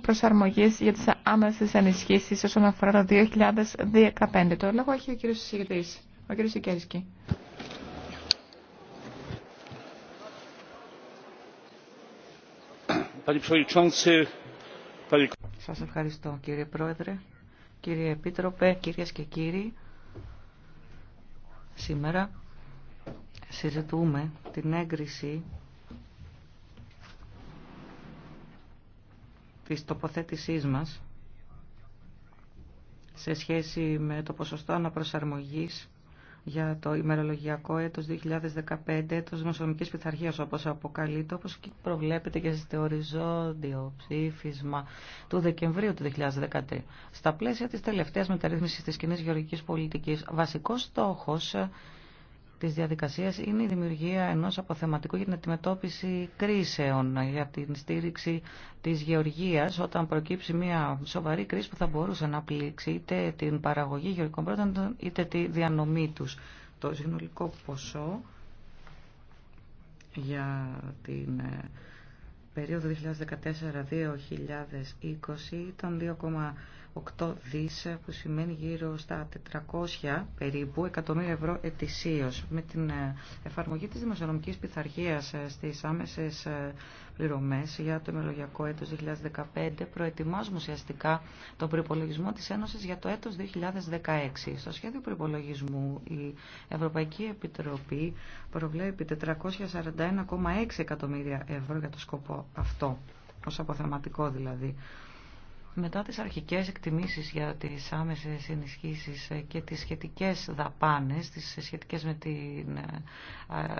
προσαρμογή για τι άμεσε ενισχύσει, όσον αφορά το 2015. Το λόγο έχει ο κύριος Συγητή, ο κύριο Σικέρσκι. Σας ευχαριστώ κύριε Πρόεδρε, κύριε Επίτροπε, κυρίες και κύριοι. Σήμερα συζητούμε την έγκριση της τοποθέτησής μας σε σχέση με το ποσοστό αναπροσαρμογής για το ημερολογιακό έτος 2015, έτος δημοσιονομικής πειθαρχίας όπως αποκαλείται, όπως και προβλέπεται και στο οριζόντιο ψήφισμα του Δεκεμβρίου του 2013. Στα πλαίσια της τελευταίας μεταρρύθμισης της κοινή γεωργικής πολιτικής, βασικός στόχος της διαδικασίας είναι η δημιουργία ενός αποθεματικού για την αντιμετώπιση κρίσεων, για την στήριξη της γεωργίας όταν προκύψει μια σοβαρή κρίση που θα μπορούσε να πλήξει είτε την παραγωγή γεωργικών πρότατων είτε τη διανομή τους. Το συνολικό ποσό για την ε, περίοδο 2014-2020 ήταν 8 δις που σημαίνει γύρω στα 400 περίπου εκατομμύρια ευρώ ετησίως. Με την ε, εφαρμογή της δημοσιονομικής πειθαρχίας ε, στις άμεσες ε, πληρωμές για το ημερολογιακό έτος 2015 προετοιμάζουμε ουσιαστικά τον προπολογισμό της Ένωσης για το έτος 2016. Στο σχέδιο προπολογισμού η Ευρωπαϊκή Επιτροπή προβλέπει 441,6 εκατομμύρια ευρώ για το σκοπό αυτό, ως αποθεματικό δηλαδή. Μετά τις αρχικές εκτιμήσεις για τις άμεσες ενισχύσεις και τις σχετικές δαπάνες, τις σχετικές με την ε,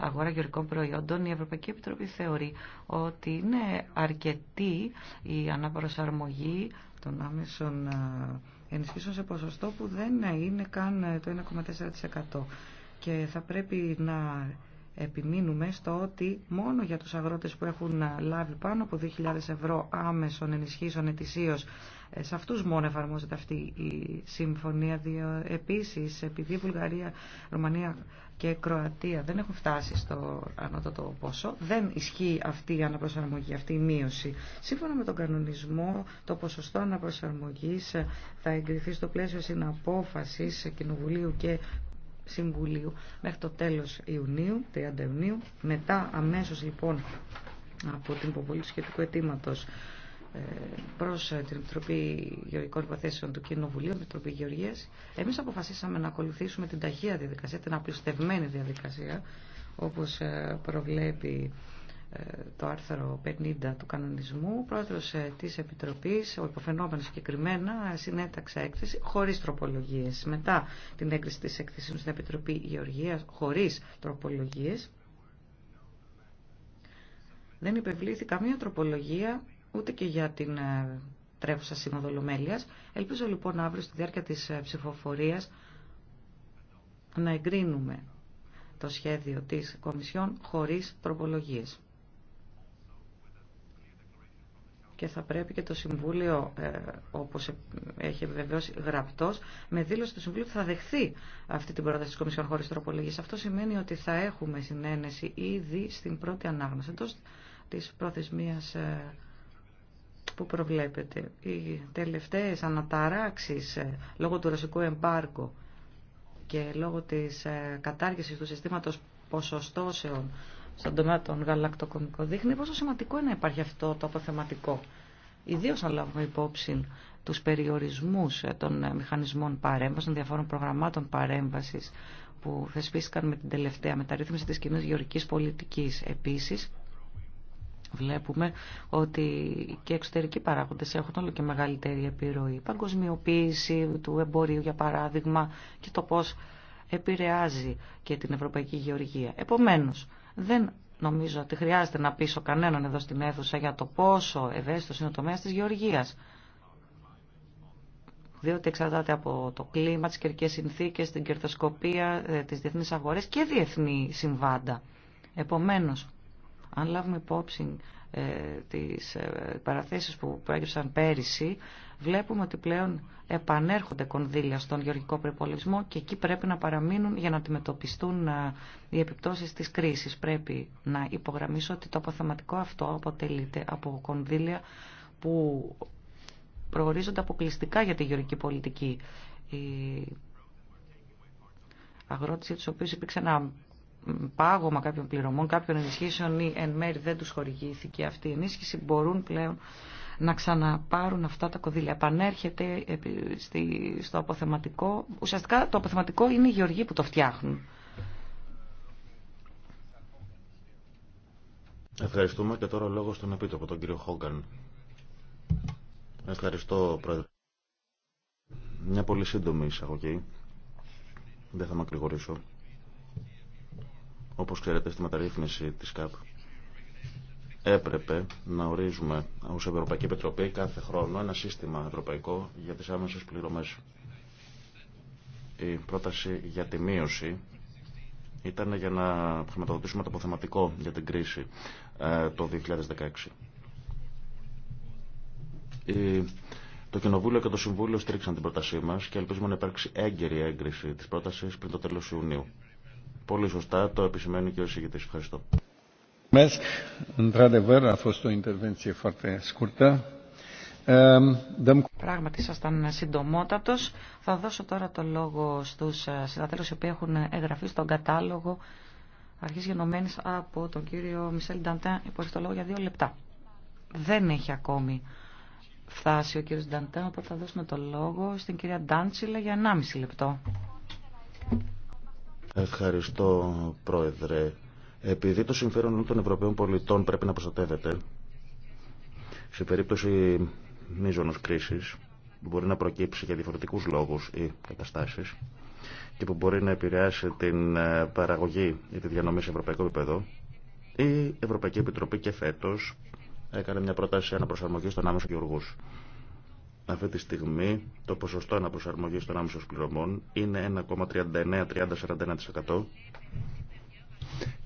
αγορά γεωρικών προϊόντων, η Ευρωπαϊκή Επιτροπή θεωρεί ότι είναι αρκετή η αναπροσαρμογή των άμεσων ε, ενισχύσεων σε ποσοστό που δεν είναι καν το 1,4%. Και θα πρέπει να επιμείνουμε στο ότι μόνο για τους αγρότες που έχουν λάβει πάνω από 2.000 ευρώ άμεσων ενισχύσεων ετησίως, ε, σε αυτούς μόνο εφαρμόζεται αυτή η συμφωνία. Επίσης, επειδή Βουλγαρία, Ρουμανία και Κροατία δεν έχουν φτάσει στο ανώτατο ποσό, δεν ισχύει αυτή η αναπροσαρμογή, αυτή η μείωση. Σύμφωνα με τον κανονισμό, το ποσοστό αναπροσαρμογής θα εγκριθεί στο πλαίσιο συναπόφασης Κοινοβουλίου και Συμβουλίου μέχρι το τέλος Ιουνίου, 30 Ιουνίου. Μετά αμέσως λοιπόν από την υποβολή του σχετικού αιτήματο ε, προς ε, την Επιτροπή Γεωργικών Υποθέσεων του Κοινοβουλίου, Επιτροπή Γεωργίας, εμείς αποφασίσαμε να ακολουθήσουμε την ταχεία διαδικασία, την απλουστευμένη διαδικασία, όπως ε, προβλέπει το άρθρο 50 του κανονισμού, ο πρόεδρος ε, της Επιτροπής, ο υποφαινόμενος συγκεκριμένα, συνέταξε έκθεση χωρίς τροπολογίες. Μετά την έκθεση της έκθεσης στην Επιτροπή Γεωργίας, χωρίς τροπολογίες, δεν υπευλήθη καμία τροπολογία ούτε και για την ε, τρέχουσα συνοδολομέλειας Ελπίζω λοιπόν αύριο στη διάρκεια της ε, ψηφοφορίας να εγκρίνουμε το σχέδιο της Κομισιόν χωρίς τροπολογίες. και θα πρέπει και το Συμβούλιο, ε, όπως έχει βεβαιώσει γραπτός, με δήλωση του Συμβουλίου θα δεχθεί αυτή την πρόταση της Κομισιόν χωρίς τροπολογής. Αυτό σημαίνει ότι θα έχουμε συνένεση ήδη στην πρώτη ανάγνωση εντό της προθεσμίας ε, που προβλέπεται. Οι τελευταίες αναταράξεις ε, λόγω του ρωσικού εμπάρκου και λόγω της κατάργησης του συστήματος ποσοστώσεων στον τομέα των γαλακτοκομικών δείχνει πόσο σημαντικό είναι να υπάρχει αυτό το αποθεματικό. Ιδίω αν λάβουμε υπόψη του περιορισμού ε, των ε, μηχανισμών παρέμβαση, των διαφόρων προγραμμάτων παρέμβαση που θεσπίστηκαν με την τελευταία μεταρρύθμιση τη κοινή γεωργική Πολιτική. Επίση βλέπουμε ότι και εξωτερικοί παράγοντε έχουν όλο και μεγαλύτερη επιρροή. Η παγκοσμιοποίηση του εμπορίου, για παράδειγμα, και το πώ επηρεάζει και την ευρωπαϊκή γεωργία. Επομένως, δεν νομίζω ότι χρειάζεται να πείσω κανέναν εδώ στην αίθουσα για το πόσο ευαίσθητος είναι ο τομέας της γεωργίας. Διότι εξαρτάται από το κλίμα, τις καιρικέ συνθήκες, την κερδοσκοπία, ε, τις διεθνείς αγορές και διεθνή συμβάντα. Επομένως, αν λάβουμε υπόψη ε, τις ε, παραθέσεις που προέκυψαν πέρυσι, βλέπουμε ότι πλέον επανέρχονται κονδύλια στον γεωργικό προπολογισμό και εκεί πρέπει να παραμείνουν για να αντιμετωπιστούν ε, οι επιπτώσεις της κρίσης. Πρέπει να υπογραμμίσω ότι το αποθεματικό αυτό αποτελείται από κονδύλια που προορίζονται αποκλειστικά για τη γεωργική πολιτική. Οι αγρότες για πάγωμα κάποιων πληρωμών, κάποιων ενισχύσεων ή εν μέρη δεν τους χορηγήθηκε αυτή η ενίσχυση, μπορούν πλέον να ξαναπάρουν αυτά τα κονδύλια. Επανέρχεται στο αποθεματικό. Ουσιαστικά το αποθεματικό είναι οι γεωργοί που το φτιάχνουν. Ευχαριστούμε και τώρα λόγο στον Επίτροπο, τον κύριο Χόγκαν. Ευχαριστώ, Πρόεδρε. Μια πολύ σύντομη εισαγωγή. Δεν θα με μακρηγορήσω όπως ξέρετε, στη μεταρρύθμιση της ΚΑΠ έπρεπε να ορίζουμε ως Ευρωπαϊκή Επιτροπή κάθε χρόνο ένα σύστημα ευρωπαϊκό για τις άμεσες πληρωμές. Η πρόταση για τη μείωση ήταν για να χρηματοδοτήσουμε το αποθεματικό για την κρίση ε, το 2016. Το Κοινοβούλιο και το Συμβούλιο στήριξαν την πρότασή μας και ελπίζουμε να υπάρξει έγκαιρη έγκριση της πρότασης πριν το τέλος Ιουνίου. Πολύ σωστά το επισημαίνει και ο συγκεκριτής. Ευχαριστώ. Ehm, Πράγματι ήταν συντομότατο. Θα δώσω τώρα το λόγο στου ε, συναδέλφου οι οποίοι έχουν εγγραφεί στον κατάλογο αρχή γενομένη από τον κύριο Μισελ που Υπάρχει το λόγο για δύο λεπτά. Δεν έχει ακόμη φτάσει ο κύριος Νταντέν οπότε θα δώσουμε το λόγο στην κυρία Ντάντσιλα για 1,5 λεπτό. Ευχαριστώ, Πρόεδρε. Επειδή το συμφέρον των Ευρωπαίων πολιτών πρέπει να προστατεύεται, σε περίπτωση μείζωνος κρίσης, που μπορεί να προκύψει για διαφορετικούς λόγους ή καταστάσεις, και που μπορεί να επηρεάσει την ε, παραγωγή ή τη διανομή σε ευρωπαϊκό επίπεδο, η Ευρωπαϊκή Επιτροπή και φέτος έκανε μια πρόταση αναπροσαρμογής των άμεσων γεωργούς. Αυτή τη στιγμή το ποσοστό αναπροσαρμογής των άμεσων πληρωμών είναι 1,39-30-41%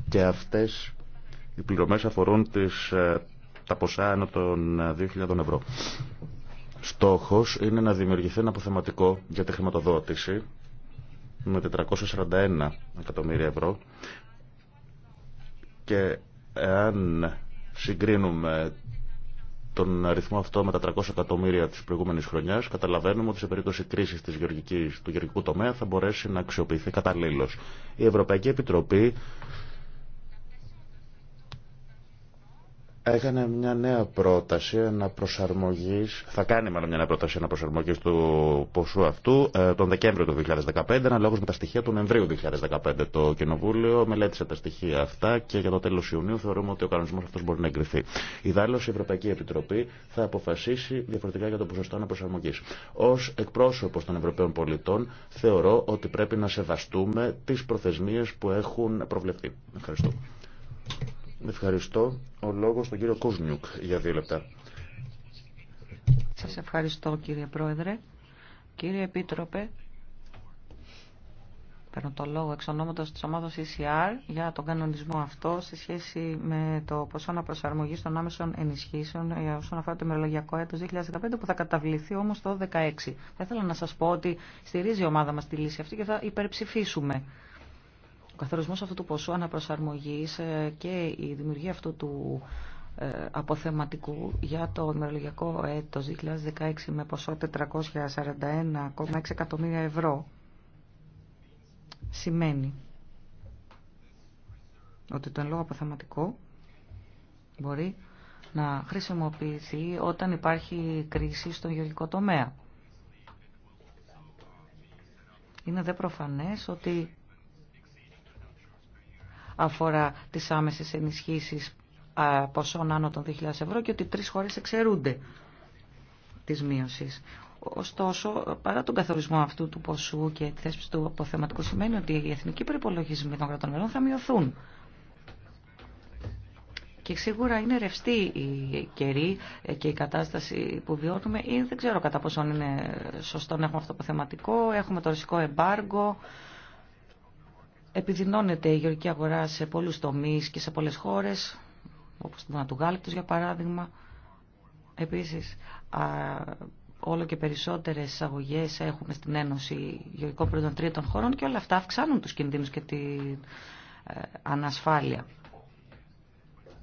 και αυτές οι πληρωμές αφορούν τις, ε, τα ποσά άνω των 2.000 ε, ευρώ. Στόχος είναι να δημιουργηθεί ένα αποθεματικό για τη χρηματοδότηση με 441 εκατομμύρια ευρώ και αν συγκρίνουμε τον αριθμό αυτό με τα 300 εκατομμύρια τη προηγούμενη χρονιά, καταλαβαίνουμε ότι σε περίπτωση κρίση της γεωργικής, του γεωργικού τομέα θα μπορέσει να αξιοποιηθεί καταλήλω. Η Ευρωπαϊκή Επιτροπή έκανε μια νέα πρόταση αναπροσαρμογής, θα κάνει μάλλον μια νέα πρόταση να αναπροσαρμογής του ποσού αυτού ε, τον Δεκέμβριο του 2015, αναλόγως με τα στοιχεία του Νεμβρίου 2015. Το Κοινοβούλιο μελέτησε τα στοιχεία αυτά και για το τέλος Ιουνίου θεωρούμε ότι ο κανονισμός αυτός μπορεί να εγκριθεί. Ιδάλλως η Ευρωπαϊκή Επιτροπή θα αποφασίσει διαφορετικά για το ποσοστό αναπροσαρμογής. Ως εκπρόσωπος των Ευρωπαίων πολιτών θεωρώ ότι πρέπει να σεβαστούμε τις προθεσμίες που έχουν προβλεφθεί. Ευχαριστώ. Ευχαριστώ. Ο λόγος στον κύριο Κούσμιουκ για δύο λεπτά. Σας ευχαριστώ κύριε Πρόεδρε. Κύριε Επίτροπε, παίρνω το λόγο εξ ονόματο της ομάδας ECR για τον κανονισμό αυτό σε σχέση με το ποσό αναπροσαρμογή των άμεσων ενισχύσεων όσον αφορά το ημερολογιακό έτο 2015 που θα καταβληθεί όμως το 2016. Θα ήθελα να σα πω ότι στηρίζει η ομάδα μα τη λύση αυτή και θα υπερψηφίσουμε. Ο καθορισμός αυτού του ποσού αναπροσαρμογής ε, και η δημιουργία αυτού του ε, αποθεματικού για το ημερολογιακό έτος 2016 με ποσό 441,6 εκατομμύρια ευρώ σημαίνει ότι το εν λόγω αποθεματικό μπορεί να χρησιμοποιηθεί όταν υπάρχει κρίση στον γεωργικό τομέα. Είναι δε προφανές ότι αφορά τις άμεσες ενισχύσεις ποσών άνω των 2.000 ευρώ και ότι τρεις χώρες εξαιρούνται της μείωσης. Ωστόσο, παρά τον καθορισμό αυτού του ποσού και τη θέση του αποθεματικού, σημαίνει ότι οι εθνικοί προπολογισμοί των κρατών μελών θα μειωθούν. Και σίγουρα είναι ρευστή η καιρή και η κατάσταση που βιώνουμε ή δεν ξέρω κατά πόσο είναι σωστό να έχουμε αυτό το αποθεματικό. Έχουμε το ρωσικό εμπάργκο, Επιδεινώνεται η γεωργική αγορά σε πολλούς τομείς και σε πολλές χώρες, όπως την Ανατουγάλυπτος για παράδειγμα. Επίσης, όλο και περισσότερες αγωγέ έχουμε στην Ένωση γεωργικών προϊόντων τρίτων χωρών και όλα αυτά αυξάνουν τους κινδύνους και την ε, ανασφάλεια.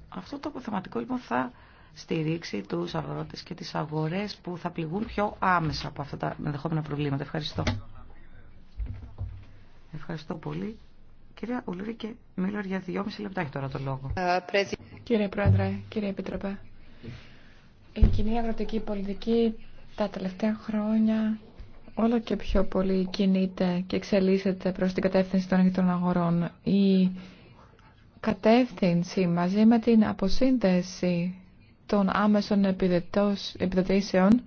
Αυτό το αποθεματικό λοιπόν θα στηρίξει τους αγρότες και τις αγορές που θα πληγούν πιο άμεσα από αυτά τα ενδεχόμενα προβλήματα. Ευχαριστώ. Ευχαριστώ πολύ. Κυρία Μίλλορ για δυόμιση λεπτά έχει τώρα το λόγο. Ε, κύριε Πρόεδρε, κύριε Επιτροπέ, η κοινή αγροτική πολιτική τα τελευταία χρόνια όλο και πιο πολύ κινείται και εξελίσσεται προς την κατεύθυνση των ανοιχτών αγορών. Η κατεύθυνση μαζί με την αποσύνδεση των άμεσων επιδοτήσεων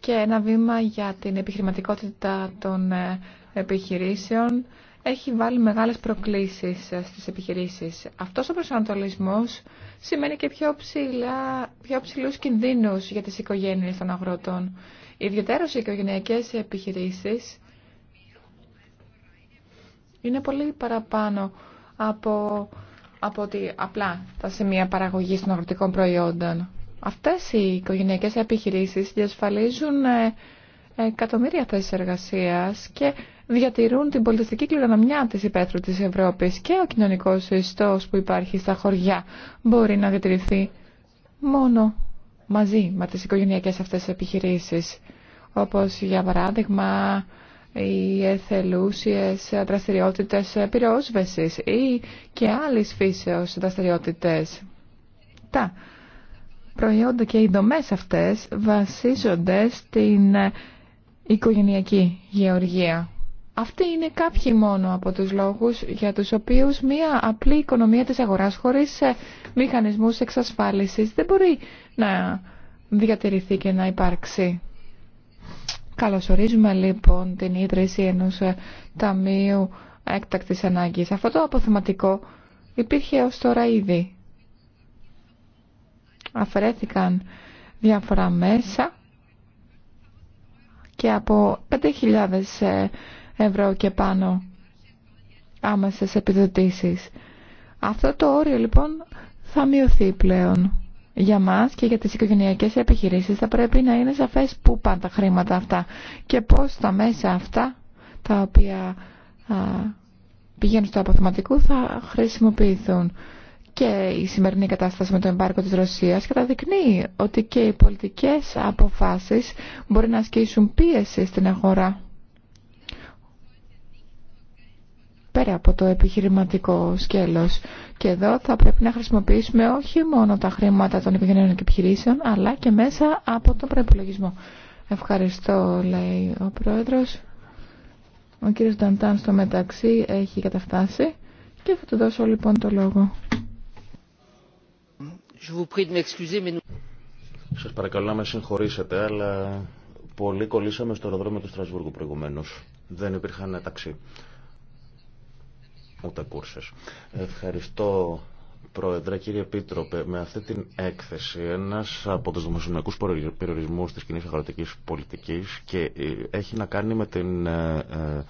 και ένα βήμα για την επιχειρηματικότητα των ε, επιχειρήσεων έχει βάλει μεγάλες προκλήσεις ε, στις επιχειρήσεις. Αυτός ο προσανατολισμός σημαίνει και πιο, ψηλά, πιο ψηλούς κινδύνους για τις οικογένειες των αγροτών. Ιδιαίτερα οι οικογενειακές επιχειρήσεις είναι πολύ παραπάνω από, από ότι απλά τα σημεία παραγωγής των αγροτικών προϊόντων. Αυτές οι οικογενειακές επιχειρήσεις διασφαλίζουν ε, εκατομμύρια θέσει εργασία και διατηρούν την πολιτιστική κληρονομιά τη υπαίθρου τη Ευρώπη. Και ο κοινωνικό ιστό που υπάρχει στα χωριά μπορεί να διατηρηθεί μόνο μαζί με τι οικογενειακέ αυτέ επιχειρήσει. Όπω για παράδειγμα οι εθελούσιες δραστηριότητες πυροσβέσης ή και άλλες φύσεως δραστηριότητες. Τα προϊόντα και οι δομές αυτές βασίζονται στην οικογενειακή γεωργία. Αυτοί είναι κάποιοι μόνο από τους λόγους για τους οποίους μία απλή οικονομία της αγοράς χωρίς ε, μηχανισμούς εξασφάλισης δεν μπορεί να διατηρηθεί και να υπάρξει. Καλωσορίζουμε λοιπόν την ίδρυση ενός ε, ταμείου έκτακτης ανάγκης. Αυτό το αποθεματικό υπήρχε ως τώρα ήδη. Αφαιρέθηκαν διάφορα μέσα και από 5.000 ε, ευρώ και πάνω άμεσες επιδοτήσεις. Αυτό το όριο λοιπόν θα μειωθεί πλέον. Για μας και για τις οικογενειακές επιχειρήσεις θα πρέπει να είναι σαφές πού πάνε τα χρήματα αυτά και πώς τα μέσα αυτά τα οποία πηγαίνουν στο αποθεματικό θα χρησιμοποιηθούν και η σημερινή κατάσταση με το εμπάρκο της Ρωσίας καταδεικνύει ότι και οι πολιτικές αποφάσεις μπορεί να ασκήσουν πίεση στην αγορά. Πέρα από το επιχειρηματικό σκέλος. Και εδώ θα πρέπει να χρησιμοποιήσουμε όχι μόνο τα χρήματα των οικογενειών και επιχειρήσεων, αλλά και μέσα από τον προπολογισμό. Ευχαριστώ, λέει ο Πρόεδρος. Ο κύριος Νταντάν στο μεταξύ έχει καταφτάσει και θα του δώσω λοιπόν το λόγο. Σας παρακαλώ να με συγχωρήσετε, αλλά πολύ κολλήσαμε στο αεροδρόμιο του Στρασβούργου προηγουμένως. Δεν υπήρχαν ταξί. Ούτε κούρσες. Ευχαριστώ Πρόεδρε, κύριε Πίτροπε, με αυτή την έκθεση ένας από τους δημοσιονομικούς περιορισμούς της κοινή αγροτικής πολιτικής και ε, έχει να κάνει με την ε, ε,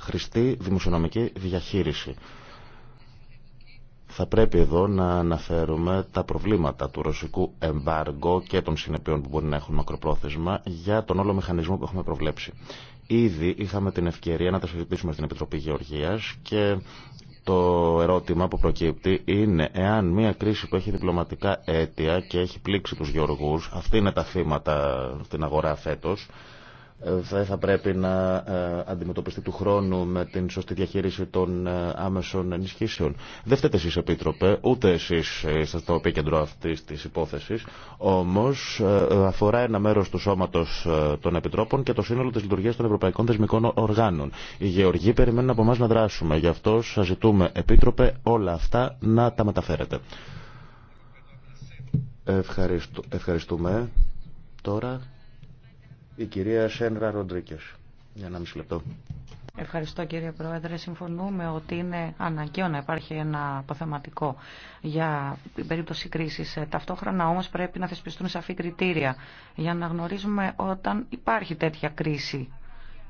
χρηστή δημοσιονομική διαχείριση. Θα πρέπει εδώ να αναφέρουμε τα προβλήματα του ρωσικού εμπάργκο και των συνεπειών που μπορεί να έχουν μακροπρόθεσμα για τον όλο μηχανισμό που έχουμε προβλέψει. Ήδη είχαμε την ευκαιρία να τα συζητήσουμε στην Επιτροπή Γεωργίας και το ερώτημα που προκύπτει είναι εάν μια κρίση που έχει διπλωματικά αίτια και έχει πλήξει τους γεωργούς, αυτή είναι τα θύματα στην αγορά φέτος, δεν θα πρέπει να ε, αντιμετωπιστεί του χρόνου με την σωστή διαχείριση των ε, άμεσων ενισχύσεων. Δεν φταίτε εσείς Επίτροπε, ούτε εσείς ε, είστε στο επίκεντρο αυτής της υπόθεσης, όμως αφορά ένα μέρος του σώματος των Επιτρόπων και το σύνολο της λειτουργίας των Ευρωπαϊκών Θεσμικών Οργάνων. Οι γεωργοί περιμένουν από εμά να δράσουμε, γι' αυτό σας ζητούμε Επίτροπε όλα αυτά να τα μεταφέρετε. Ευχαριστούμε. Τώρα η κυρία Σένρα Ροντρίκες. Για ένα μισή λεπτό. Ευχαριστώ κύριε Πρόεδρε. Συμφωνούμε ότι είναι αναγκαίο να υπάρχει ένα αποθεματικό για την περίπτωση κρίση. Ε, ταυτόχρονα όμω, πρέπει να θεσπιστούν σαφή κριτήρια για να γνωρίζουμε όταν υπάρχει τέτοια κρίση.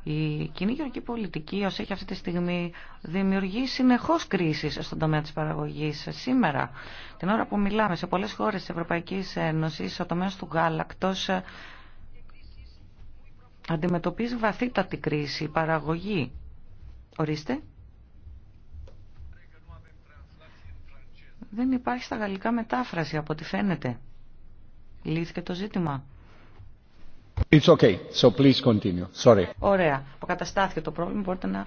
Η κοινή γεωργική πολιτική όσο έχει αυτή τη στιγμή δημιουργεί συνεχώ κρίσει στον τομέα τη παραγωγή Σήμερα, την ώρα που μιλάμε σε πολλέ χώρε τη Ευρωπαϊκή Ένωση, ο τομέα του γάλακτο. Ε, αντιμετωπίζει βαθύτατη κρίση η παραγωγή. Ορίστε. Δεν υπάρχει στα γαλλικά μετάφραση από ό,τι φαίνεται. Λύθηκε το ζήτημα. It's okay, so please continue. Sorry. Ωραία. Αποκαταστάθηκε το πρόβλημα. Μπορείτε να,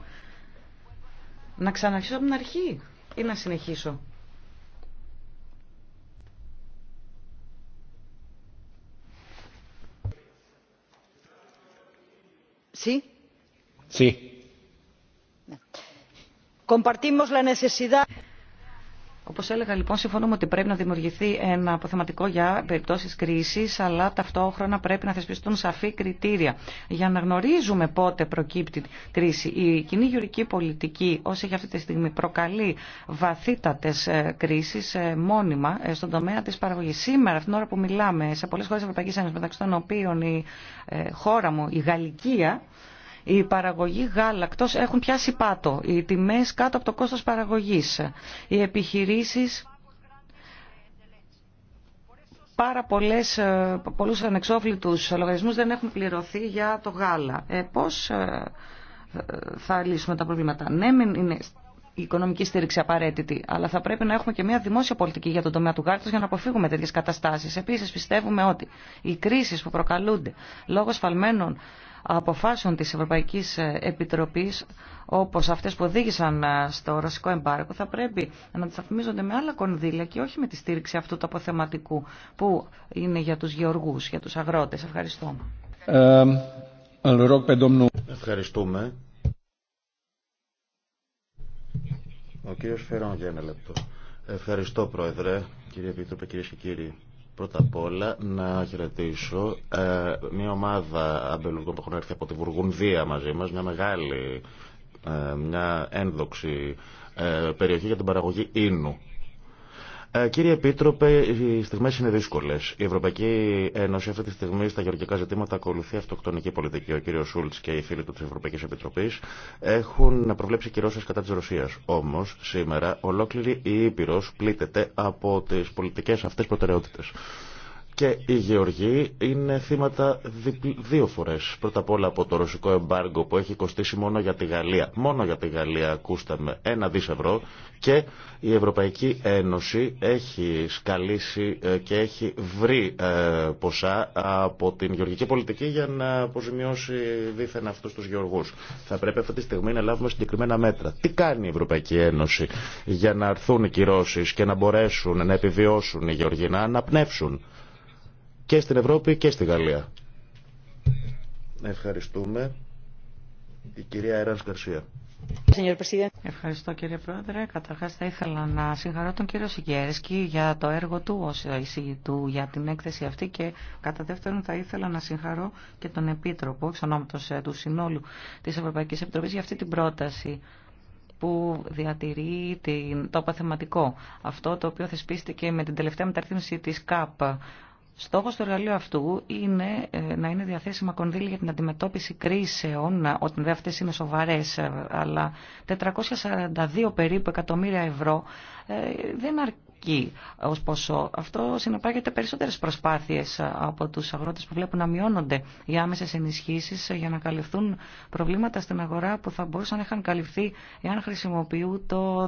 να ξαναρχίσω από την αρχή ή να συνεχίσω. sí sí compartimos la necesidad Όπω έλεγα λοιπόν, συμφωνούμε ότι πρέπει να δημιουργηθεί ένα αποθεματικό για περιπτώσει κρίση, αλλά ταυτόχρονα πρέπει να θεσπιστούν σαφή κριτήρια για να γνωρίζουμε πότε προκύπτει κρίση. Η κοινή γεωργική πολιτική, όσο έχει αυτή τη στιγμή, προκαλεί βαθύτατε ε, κρίσει ε, μόνιμα ε, στον τομέα τη παραγωγή. Σήμερα, αυτήν την ώρα που μιλάμε, σε πολλέ χώρε Ευρωπαϊκή Ένωση, μεταξύ των οποίων η χώρα μου, η Γαλλικία, οι παραγωγοί γάλακτος έχουν πιάσει πάτο. Οι τιμές κάτω από το κόστος παραγωγής. Οι επιχειρήσεις πάρα πολλές, ε, πολλούς ανεξόφλητους λογαριασμούς δεν έχουν πληρωθεί για το γάλα. Ε, πώς ε, ε, θα λύσουμε τα προβλήματα. Ναι, είναι η οικονομική στήριξη απαραίτητη. Αλλά θα πρέπει να έχουμε και μια δημόσια πολιτική για τον τομέα του γάρτος για να αποφύγουμε τέτοιε καταστάσει. Επίση, πιστεύουμε ότι οι κρίσει που προκαλούνται λόγω σφαλμένων αποφάσεων της Ευρωπαϊκής Επιτροπής όπως αυτές που οδήγησαν ε, στο ρωσικό εμπάρκο θα πρέπει να αντισταθμίζονται με άλλα κονδύλια και όχι με τη στήριξη αυτού του αποθεματικού που είναι για τους γεωργούς, για τους αγρότες. Ευχαριστώ. Ε, Ευχαριστούμε. Ο κύριος Φερόν για ένα λεπτό. Ευχαριστώ Πρόεδρε, κύριε Επίτροπε, κύριε και κύριοι. Πρώτα απ' όλα να χαιρετήσω ε, μια ομάδα αμπελουργών που έχουν έρθει από τη Βουργουνδία μαζί μας, μια μεγάλη, ε, μια ένδοξη ε, περιοχή για την παραγωγή ίνου ε, κύριε Επίτροπε, οι στιγμέ είναι δύσκολε. Η Ευρωπαϊκή Ένωση αυτή τη στιγμή στα γεωργικά ζητήματα ακολουθεί αυτοκτονική πολιτική. Ο κύριο Σούλτ και οι φίλοι του τη Ευρωπαϊκή Επιτροπή έχουν προβλέψει κυρώσει κατά τη Ρωσία. Όμω, σήμερα ολόκληρη η Ήπειρο πλήττεται από τι πολιτικέ αυτέ προτεραιότητε. Και οι Γεωργοί είναι θύματα δύο φορές. Πρώτα απ' όλα από το ρωσικό εμπάργκο που έχει κοστίσει μόνο για τη Γαλλία. Μόνο για τη Γαλλία ακούσαμε ένα δις ευρώ και η Ευρωπαϊκή Ένωση έχει σκαλίσει ε, και έχει βρει ε, ποσά από την γεωργική πολιτική για να αποζημιώσει δίθεν αυτούς τους γεωργούς. Θα πρέπει αυτή τη στιγμή να λάβουμε συγκεκριμένα μέτρα. Τι κάνει η Ευρωπαϊκή Ένωση για να αρθούν οι κυρώσεις και να μπορέσουν να επιβιώσουν οι γεωργοί να αναπνεύσουν και στην Ευρώπη και στη Γαλλία. Ευχαριστούμε. Η κυρία Εράς Καρσία. Ευχαριστώ κύριε Πρόεδρε. Καταρχάς θα ήθελα να συγχαρώ τον κύριο Σιγέρσκι για το έργο του ως εισηγητού για την έκθεση αυτή και κατά δεύτερον θα ήθελα να συγχαρώ και τον Επίτροπο εξ ονόματος ε, του Συνόλου της Ευρωπαϊκής Επιτροπής για αυτή την πρόταση που διατηρεί το παθεματικό. Αυτό το οποίο θεσπίστηκε με την τελευταία μεταρρύθμιση της ΚΑΠ Στόχο του εργαλείου αυτού είναι ε, να είναι διαθέσιμα κονδύλια για την αντιμετώπιση κρίσεων, ε, όταν βέβαια αυτέ είναι σοβαρέ, ε, αλλά 442 περίπου εκατομμύρια ευρώ δεν αρκεί ως ποσό. Αυτό συνεπάγεται περισσότερε προσπάθειε από του αγρότε που βλέπουν να μειώνονται οι άμεσε ενισχύσει για να καλυφθούν προβλήματα στην αγορά που θα μπορούσαν να είχαν καλυφθεί εάν χρησιμοποιούν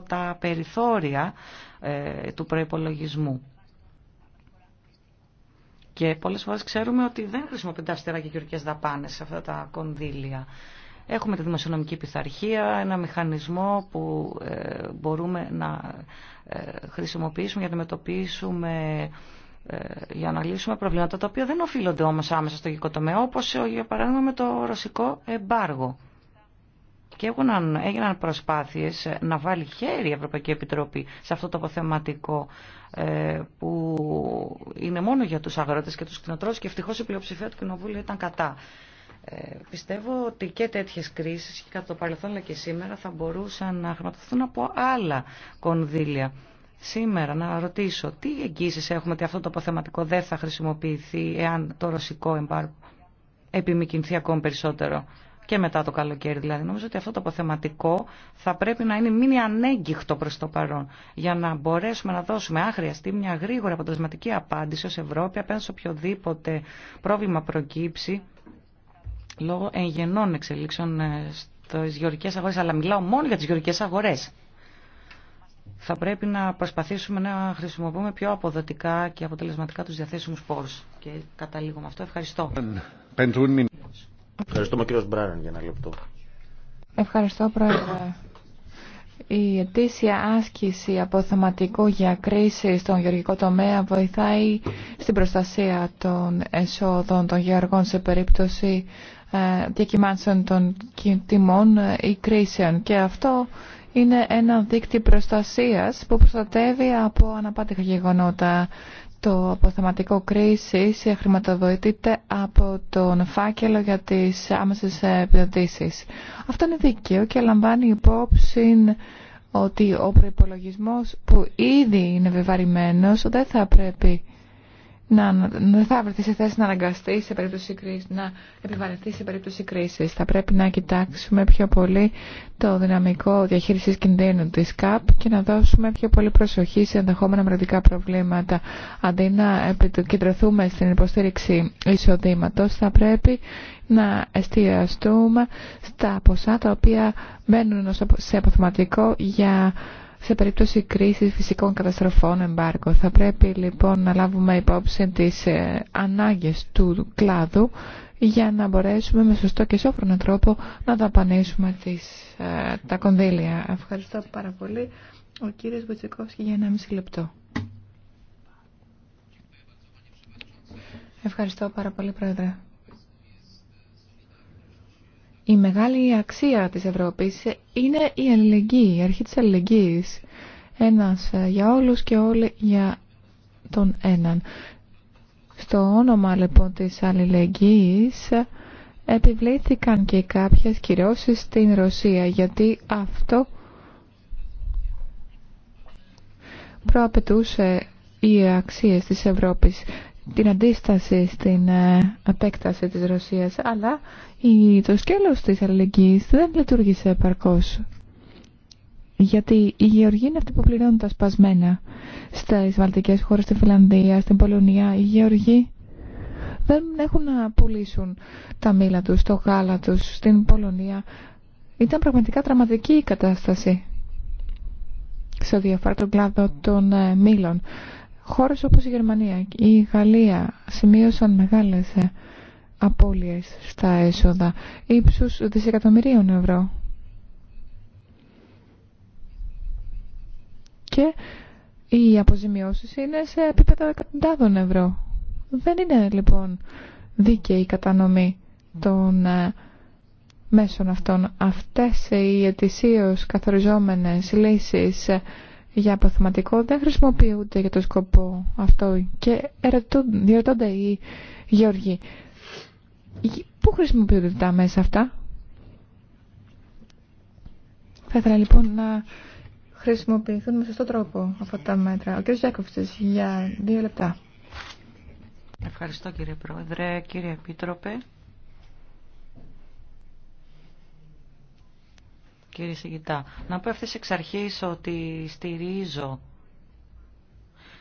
τα περιθώρια του προπολογισμού. Και πολλές φορές ξέρουμε ότι δεν χρησιμοποιούνται αυστηρά και κυρικές δαπάνες σε αυτά τα κονδύλια. Έχουμε τη δημοσιονομική πειθαρχία, ένα μηχανισμό που ε, μπορούμε να ε, χρησιμοποιήσουμε για να αντιμετωπίσουμε ε, για να λύσουμε προβλήματα τα οποία δεν οφείλονται όμως άμεσα στο γεωκοτομέα, όπως για παράδειγμα με το ρωσικό εμπάργο και έγιναν, έγιναν προσπάθειες να βάλει χέρι η Ευρωπαϊκή Επιτροπή σε αυτό το αποθεματικό ε, που είναι μόνο για τους αγρότες και τους κτηνοτρόφους και ευτυχώς η πλειοψηφία του Κοινοβούλου ήταν κατά. Ε, πιστεύω ότι και τέτοιες κρίσεις και κατά το παρελθόν αλλά και σήμερα θα μπορούσαν να χρηματοδοθούν από άλλα κονδύλια σήμερα να ρωτήσω τι εγγύσει έχουμε ότι αυτό το αποθεματικό δεν θα χρησιμοποιηθεί εάν το ρωσικό εμπάρκο επιμηκυνθεί ακόμη περισσότερο και μετά το καλοκαίρι. Δηλαδή νομίζω ότι αυτό το αποθεματικό θα πρέπει να είναι μήνυ ανέγκυχτο προς το παρόν για να μπορέσουμε να δώσουμε άχρηστη μια γρήγορα αποτελεσματική απάντηση ως Ευρώπη απέναντι σε οποιοδήποτε πρόβλημα προκύψει λόγω εγγενών εξελίξεων ε, στις γεωρικές αγορές, αλλά μιλάω μόνο για τις γεωρικές αγορές. Θα πρέπει να προσπαθήσουμε να χρησιμοποιούμε πιο αποδοτικά και αποτελεσματικά τους διαθέσιμους πόρους. Και καταλήγω με αυτό. Ευχαριστώ. Ευχαριστούμε κύριο Μπράραν για ένα λεπτό. Ευχαριστώ πρόεδρε. Η ετήσια άσκηση αποθεματικού για κρίση στον γεωργικό τομέα βοηθάει στην προστασία των εσόδων των γεωργών σε περίπτωση ε, διακυμάνσεων των τιμών ή κρίσεων. Και αυτό είναι ένα δίκτυο προστασίας που προστατεύει από αναπάντηχα γεγονότα το αποθεματικό κρίση χρηματοδοτείται από τον φάκελο για τι άμεσε επιδοτήσεις. Αυτό είναι δίκαιο και λαμβάνει υπόψη ότι ο προπολογισμό που ήδη είναι βεβαρημένο δεν θα πρέπει να, δεν θα βρεθεί σε θέση να αναγκαστεί σε περίπτωση κρίση, να επιβαρυνθεί σε περίπτωση κρίση. Θα πρέπει να κοιτάξουμε πιο πολύ το δυναμικό διαχείριση κινδύνου τη ΚΑΠ και να δώσουμε πιο πολύ προσοχή σε ενδεχόμενα μερικά προβλήματα. Αντί να επικεντρωθούμε στην υποστήριξη εισοδήματο, θα πρέπει να εστιαστούμε στα ποσά τα οποία μένουν σε αποθεματικό για σε περίπτωση κρίσης φυσικών καταστροφών εμπάρκο. Θα πρέπει λοιπόν να λάβουμε υπόψη τις ε, ανάγκες του κλάδου για να μπορέσουμε με σωστό και σόφρονο τρόπο να δαπανίσουμε τις, ε, τα κονδύλια. Ευχαριστώ πάρα πολύ. Ο κύριος Βουτσικόφσκι για ένα μισή λεπτό. Ευχαριστώ πάρα πολύ, Πρόεδρε η μεγάλη αξία της Ευρώπης είναι η αλληλεγγύη, η αρχή της αλληλεγγύης. Ένας ε, για όλους και όλοι για τον έναν. Στο όνομα λοιπόν της αλληλεγγύης επιβλήθηκαν και κάποιες κυρώσεις στην Ρωσία γιατί αυτό προαπαιτούσε οι αξίες της Ευρώπης την αντίσταση στην ε, επέκταση της Ρωσίας, αλλά το σκέλος της αλληλεγγύης δεν λειτουργήσε επαρκώς. Γιατί οι Γεωργοί είναι αυτοί που πληρώνουν τα σπασμένα στις βαλτικές χώρες, στη Φιλανδία, στην Πολωνία. Οι Γεωργοί δεν έχουν να πουλήσουν τα μήλα τους, το γάλα τους στην Πολωνία. Ήταν πραγματικά τραματική η κατάσταση σε ό,τι τον κλάδο των ε, μήλων. Χώρες όπως η Γερμανία και η Γαλλία σημείωσαν μεγάλες ε, απώλειες στα έσοδα ύψους δισεκατομμυρίων ευρώ. Και οι αποζημιώσεις είναι σε επίπεδο εκατοντάδων ευρώ. Δεν είναι λοιπόν δίκαιη η κατανομή των ε, μέσων αυτών. Αυτές οι ετησίως καθοριζόμενες λύσεις ε, για αποθεματικό δεν χρησιμοποιούνται για το σκοπό αυτό και διερωτώνται οι Γεωργοί. Πού χρησιμοποιούνται τα μέσα αυτά? Θα ήθελα λοιπόν να χρησιμοποιηθούν με σωστό τρόπο αυτά τα μέτρα. Ο κ. Γιάκοφτσης για δύο λεπτά. Ευχαριστώ κύριε Πρόεδρε, κύριε Επίτροπε. κύριε Σιγητά. Να πω ευθύ εξ αρχής ότι στηρίζω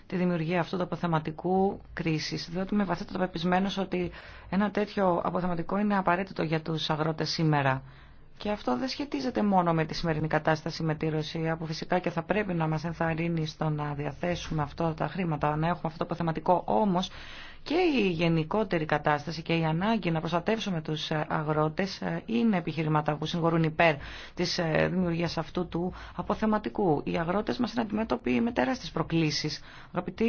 τη δημιουργία αυτού του αποθεματικού κρίσης, διότι είμαι το πεπισμένος ότι ένα τέτοιο αποθεματικό είναι απαραίτητο για τους αγρότες σήμερα. Και αυτό δεν σχετίζεται μόνο με τη σημερινή κατάσταση με τη Ρωσία, που φυσικά και θα πρέπει να μας ενθαρρύνει στο να διαθέσουμε αυτά τα χρήματα, να έχουμε αυτό το αποθεματικό. Όμως, και η γενικότερη κατάσταση και η ανάγκη να προστατεύσουμε τους ε, αγρότες ε, είναι επιχειρήματα που συγχωρούν υπέρ της ε, δημιουργίας αυτού του αποθεματικού. Οι αγρότες μας είναι αντιμέτωποι με τεράστιες προκλήσεις. Αγαπητοί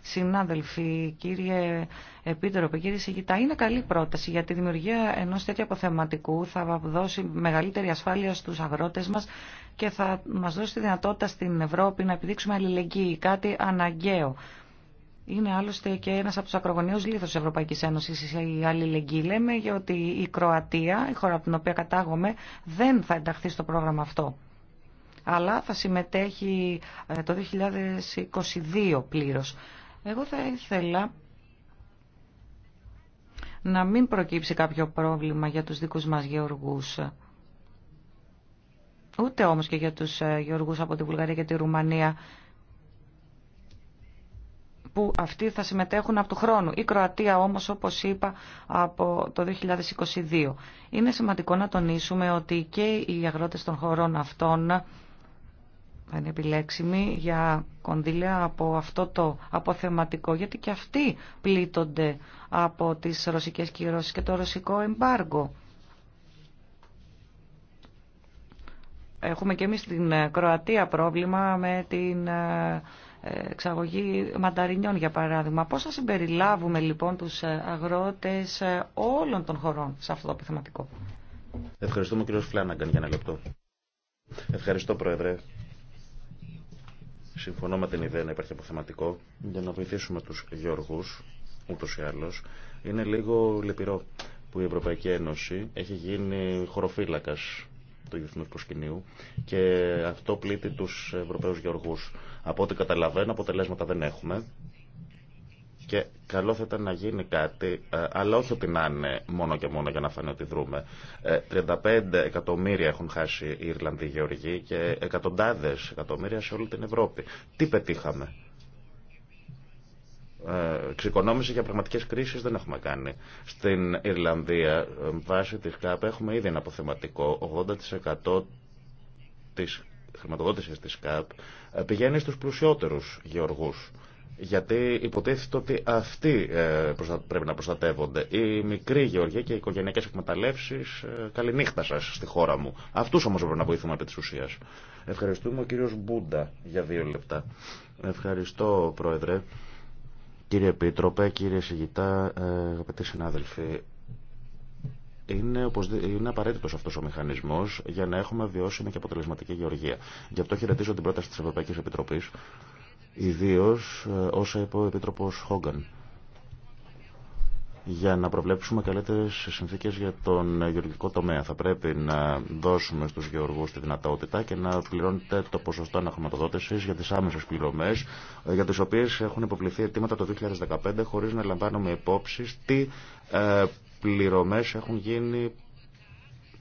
συνάδελφοι, κύριε Επίτροπε, κύριε Σιγητά, είναι καλή πρόταση για τη δημιουργία ενός τέτοιου αποθεματικού θα δώσει μεγαλύτερη ασφάλεια στους αγρότες μας και θα μας δώσει τη δυνατότητα στην Ευρώπη να επιδείξουμε αλληλεγγύη, κάτι αναγκαίο είναι άλλωστε και ένας από τους ακρογωνίους λίθο της Ευρωπαϊκής Ένωσης η αλληλεγγύη. Λέμε για ότι η Κροατία, η χώρα από την οποία κατάγομαι, δεν θα ενταχθεί στο πρόγραμμα αυτό. Αλλά θα συμμετέχει ε, το 2022 πλήρως. Εγώ θα ήθελα να μην προκύψει κάποιο πρόβλημα για τους δικούς μας γεωργούς. Ούτε όμως και για τους ε, γεωργούς από τη Βουλγαρία και τη Ρουμανία που αυτοί θα συμμετέχουν από του χρόνου. Η Κροατία όμως, όπως είπα, από το 2022. Είναι σημαντικό να τονίσουμε ότι και οι αγρότες των χωρών αυτών θα είναι επιλέξιμοι για κονδύλια από αυτό το αποθεματικό, γιατί και αυτοί πλήττονται από τις ρωσικές κυρώσεις και το ρωσικό εμπάργο. Έχουμε και εμείς στην Κροατία πρόβλημα με την ε, εξαγωγή μανταρινιών για παράδειγμα. Πώς θα συμπεριλάβουμε λοιπόν τους ε, αγρότες ε, όλων των χωρών σε αυτό το επιθεματικό. Ευχαριστούμε κύριο Φλάνναγκαν, για ένα λεπτό. Ευχαριστώ Πρόεδρε. Συμφωνώ με την ιδέα να υπάρχει αποθεματικό για να βοηθήσουμε τους Γιώργους, ούτως ή άλλως. Είναι λίγο λυπηρό που η Ευρωπαϊκή Ένωση έχει γίνει χωροφύλακας του διεθνού προσκυνίου και αυτό πλήττει του Ευρωπαίου γεωργού. Από ό,τι καταλαβαίνω, αποτελέσματα δεν έχουμε. Και καλό θα ήταν να γίνει κάτι, ε, αλλά όχι ότι να είναι μόνο και μόνο για να φανεί ότι δρούμε. 35 ε, εκατομμύρια έχουν χάσει οι Ιρλανδοί γεωργοί και εκατοντάδε εκατομμύρια σε όλη την Ευρώπη. Τι πετύχαμε. Ε, ξεκονόμηση για πραγματικέ κρίσει δεν έχουμε κάνει. Στην Ιρλανδία, ε, βάσει τη ΚΑΠ, έχουμε ήδη ένα αποθεματικό. 80% τη χρηματοδότηση τη ΚΑΠ ε, πηγαίνει στου πλουσιότερου γεωργού. Γιατί υποτίθεται ότι αυτοί πρέπει να προστατεύονται. Οι μικροί γεωργοί και οι οικογενειακέ εκμεταλλεύσει, καληνύχτα σα στη χώρα μου. Αυτού όμω πρέπει να βοηθούμε επί τη ουσία. Ευχαριστούμε ο κύριο Μπούντα για δύο λεπτά. Ευχαριστώ, Πρόεδρε. Κύριε Επίτροπε, κύριε Σιγητά, ε, αγαπητοί συνάδελφοι, είναι, είναι απαραίτητο αυτό ο μηχανισμό για να έχουμε βιώσιμη και αποτελεσματική γεωργία. Γι' αυτό χαιρετίζω την πρόταση τη Ευρωπαϊκή Επιτροπή, ιδίω ε, όσα είπε ο Επίτροπο Χόγκαν για να προβλέψουμε καλύτερες συνθήκες για τον γεωργικό τομέα. Θα πρέπει να δώσουμε στους γεωργούς τη δυνατότητα και να πληρώνεται το ποσοστό αναχρωματοδότησης για τις άμεσες πληρωμές, ε, για τις οποίες έχουν υποβληθεί αιτήματα το 2015 χωρίς να λαμβάνουμε υπόψη τι ε, πληρωμές έχουν γίνει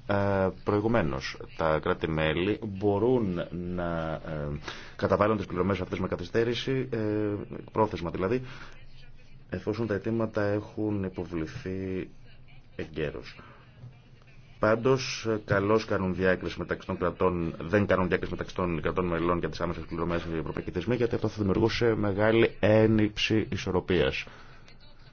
ε, προηγουμένως τα κράτη-μέλη μπορούν να ε, καταβάλουν τις πληρωμές αυτές με καθυστέρηση, πρόθεσμα δηλαδή, εφόσον τα αιτήματα έχουν υποβληθεί εγκαίρως. Πάντω, καλώ κάνουν διάκριση μεταξύ των κρατών, δεν κάνουν διάκριση μεταξύ των κρατών μελών για τις άμεσες πληρωμές και οι ευρωπαϊκοί γιατί αυτό θα δημιουργούσε μεγάλη ένυψη ισορροπία.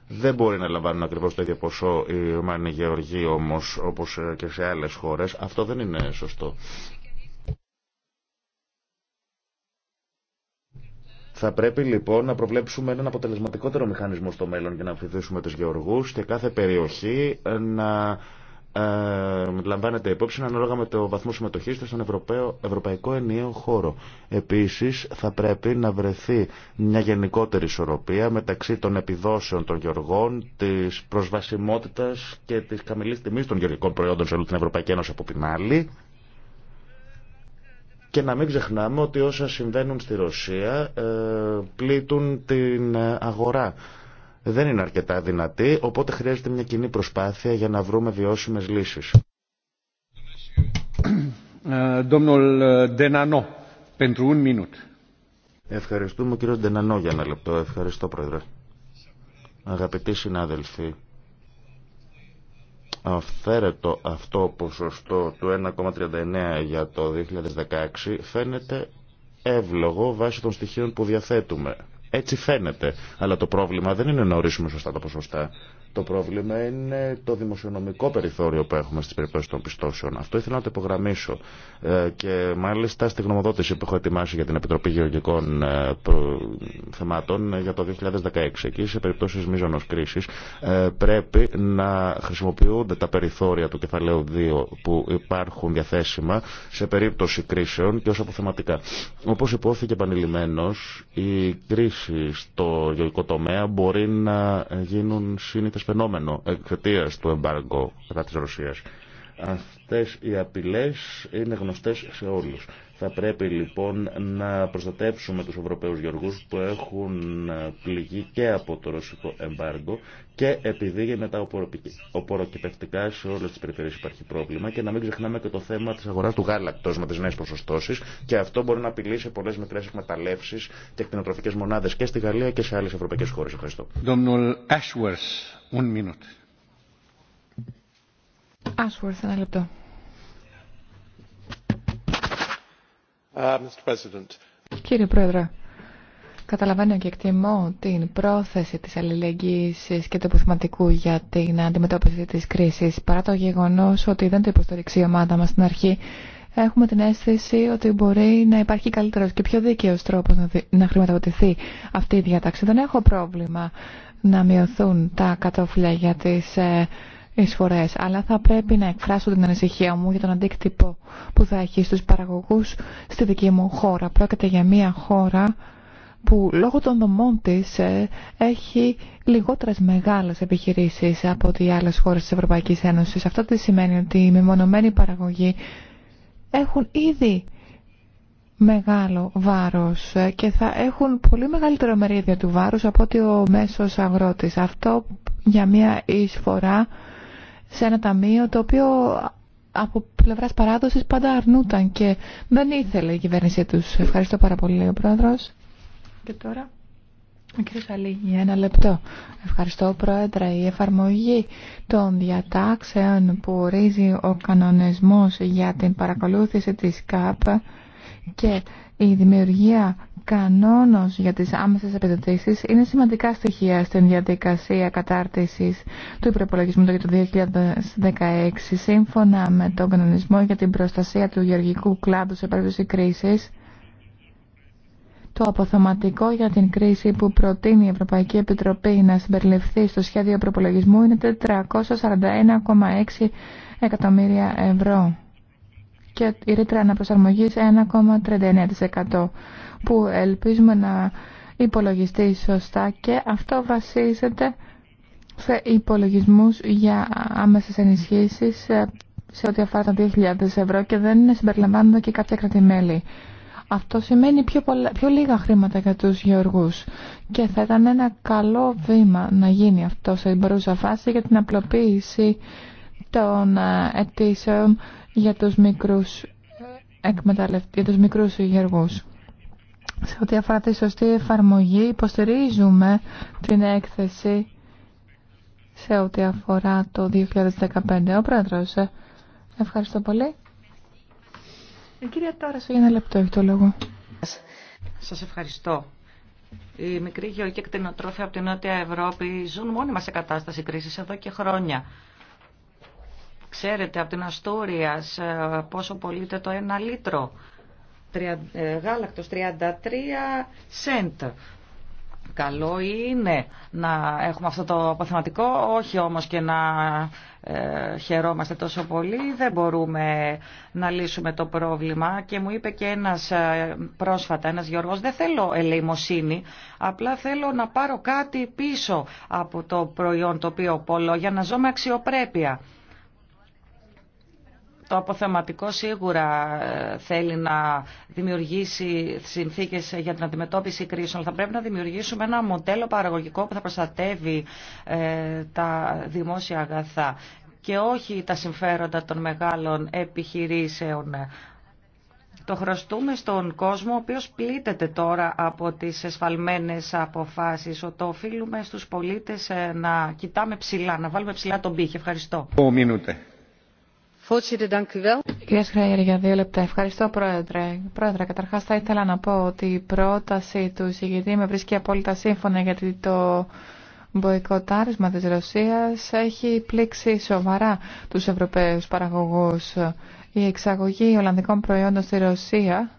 Δεν μπορεί να λαμβάνουν ακριβώ το ίδιο ποσό οι Ρωμανοί Γεωργοί όμω, όπω και σε άλλε χώρε. Αυτό δεν είναι σωστό. Θα πρέπει λοιπόν να προβλέψουμε έναν αποτελεσματικότερο μηχανισμό στο μέλλον για να αμφιδίσουμε τους γεωργούς και κάθε περιοχή να ε, λαμβάνεται υπόψη ανάλογα με το βαθμό συμμετοχής του στον Ευρωπαίο, Ευρωπαϊκό Ενιαίο Χώρο. Επίσης, θα πρέπει να βρεθεί μια γενικότερη ισορροπία μεταξύ των επιδόσεων των γεωργών, της προσβασιμότητας και της καμηλής τιμή των γεωργικών προϊόντων σε όλη την Ευρωπαϊκή Ένωση από την άλλη και να μην ξεχνάμε ότι όσα συμβαίνουν στη Ρωσία ε, πλήττουν την αγορά. Δεν είναι αρκετά δυνατή, οπότε χρειάζεται μια κοινή προσπάθεια για να βρούμε βιώσιμες λύσεις. Ε, ε, Ευχαριστούμε κύριο Ντενανό για ένα λεπτό. Ευχαριστώ πρόεδρε. Αγαπητοί συνάδελφοι αυθαίρετο αυτό ποσοστό του 1,39 για το 2016 φαίνεται εύλογο βάσει των στοιχείων που διαθέτουμε. Έτσι φαίνεται. Αλλά το πρόβλημα δεν είναι να ορίσουμε σωστά τα ποσοστά. Το πρόβλημα είναι το δημοσιονομικό περιθώριο που έχουμε στι περιπτώσει των πιστώσεων. Αυτό ήθελα να το υπογραμμίσω. Ε, και μάλιστα στη γνωμοδότηση που έχω ετοιμάσει για την Επιτροπή Γεωργικών ε, Θεμάτων ε, για το 2016. Εκεί σε περιπτώσει μείζωνο κρίση πρέπει να χρησιμοποιούνται τα περιθώρια του κεφαλαίου 2 που υπάρχουν διαθέσιμα σε περίπτωση κρίσεων και ω αποθεματικά. Όπω υπόθηκε επανειλημμένω, οι κρίσει στο γεωργικό τομέα μπορεί να γίνουν σύνηθε φαινόμενο εξαιτία του εμπάργκο κατά της Ρωσίας. Αυτές οι απειλές είναι γνωστές σε όλους. Θα πρέπει λοιπόν να προστατεύσουμε τους Ευρωπαίους γεωργούς που έχουν πληγεί και από το ρωσικό εμπάργκο και επειδή για τα οποροκυπευτικά σε όλες τις περιφερειές υπάρχει πρόβλημα και να μην ξεχνάμε και το θέμα της αγοράς του γάλακτος με τις νέες ποσοστώσεις και αυτό μπορεί να απειλεί σε πολλές μικρές εκμεταλλεύσεις και εκτινοτροφικές μονάδες και στη Γαλλία και σε άλλες ευρωπαϊκές χώρες. Ευχαριστώ. Ashworth, ένα λεπτό. Uh, Κύριε Πρόεδρε, καταλαβαίνω και εκτιμώ την πρόθεση της αλληλεγγύης και του επιθυματικού για την αντιμετώπιση της κρίσης. Παρά το γεγονός ότι δεν το υποστηρίξει η ομάδα μας στην αρχή, έχουμε την αίσθηση ότι μπορεί να υπάρχει καλύτερος και πιο δίκαιος τρόπος να χρηματοδοτηθεί αυτή η διάταξη. Δεν έχω πρόβλημα να μειωθούν τα κατόφυλλα για τις ε, εισφορές, αλλά θα πρέπει να εκφράσω την ανησυχία μου για τον αντίκτυπο που θα έχει στους παραγωγούς στη δική μου χώρα. Πρόκειται για μια χώρα που λόγω των δομών της ε, έχει λιγότερες μεγάλες επιχειρήσεις από ότι άλλες χώρες της Ευρωπαϊκής Ένωσης. Αυτό τι σημαίνει ότι οι μεμονωμένοι παραγωγοί έχουν ήδη μεγάλο βάρος ε, και θα έχουν πολύ μεγαλύτερο μερίδιο του βάρους από ότι ο μέσος αγρότης. Αυτό για μια εισφορά σε ένα ταμείο το οποίο από πλευρά παράδοση πάντα αρνούταν και δεν ήθελε η κυβέρνησή του. Ευχαριστώ πάρα πολύ, ο πρόεδρο. Και τώρα. Ο κ. Σαλή, για ένα λεπτό. Ευχαριστώ, Πρόεδρε. Η εφαρμογή των διατάξεων που ορίζει ο κανονισμός για την παρακολούθηση της ΚΑΠ και η δημιουργία κανόνος για τις άμεσες επιδοτήσεις είναι σημαντικά στοιχεία στην διαδικασία κατάρτισης του προπολογισμού για το 2016 σύμφωνα με τον κανονισμό για την προστασία του γεωργικού κλάδου σε περίπτωση κρίσης το αποθεματικό για την κρίση που προτείνει η Ευρωπαϊκή Επιτροπή να συμπεριληφθεί στο σχέδιο προπολογισμού είναι 441,6 εκατομμύρια ευρώ και η ρήτρα αναπροσαρμογή 1,39% που ελπίζουμε να υπολογιστεί σωστά και αυτό βασίζεται σε υπολογισμούς για άμεσες ενισχύσεις ε, σε ό,τι αφορά τα 2.000 ευρώ και δεν είναι συμπεριλαμβάνονται και κάποια κρατημέλη. Αυτό σημαίνει πιο, πιο λίγα χρήματα για τους γεωργούς και θα ήταν ένα καλό βήμα να γίνει αυτό σε μπορούσα φάση για την απλοποίηση των ε, αιτήσεων για τους μικρούς εκμεταλλευτές, για τους μικρούς γεργούς. Σε ό,τι αφορά τη σωστή εφαρμογή, υποστηρίζουμε την έκθεση σε ό,τι αφορά το 2015. Ο Πρόεδρος, ευχαριστώ πολύ. Η κυρία Τάρασο, για ένα λεπτό έχει το λόγο. Σας ευχαριστώ. Οι μικροί γεωργοί κτηνοτρόφοι από την Νότια Ευρώπη ζουν μόνιμα σε κατάσταση κρίσης εδώ και χρόνια. Ξέρετε από την Αστούρια ε, πόσο πωλείται το ένα λίτρο ε, γάλακτος 33 σέντ. Καλό είναι να έχουμε αυτό το αποθεματικό, όχι όμως και να ε, χαιρόμαστε τόσο πολύ. Δεν μπορούμε να λύσουμε το πρόβλημα και μου είπε και ένας ε, πρόσφατα, ένας Γιώργος, δεν θέλω ελεημοσύνη, απλά θέλω να πάρω κάτι πίσω από το προϊόν το οποίο πολλώ για να ζω με αξιοπρέπεια. Το αποθεματικό σίγουρα ε, θέλει να δημιουργήσει συνθήκες για την αντιμετώπιση κρίσεων, θα πρέπει να δημιουργήσουμε ένα μοντέλο παραγωγικό που θα προστατεύει ε, τα δημόσια αγαθά και όχι τα συμφέροντα των μεγάλων επιχειρήσεων. Το χρωστούμε στον κόσμο, ο οποίος πλήττεται τώρα από τις εσφαλμένες αποφάσεις. Το οφείλουμε στους πολίτες ε, να κοιτάμε ψηλά, να βάλουμε ψηλά τον πύχη. Ευχαριστώ. Κυρία Σχράιερ, για δύο λεπτά. Ευχαριστώ, Πρόεδρε. Πρόεδρε, καταρχά θα ήθελα να πω ότι η πρόταση του εισηγητή με βρίσκει απόλυτα σύμφωνα γιατί το μποϊκοτάρισμα της Ρωσία έχει πλήξει σοβαρά τους Ευρωπαίους παραγωγούς. Η εξαγωγή Ολλανδικών προϊόντων στη Ρωσία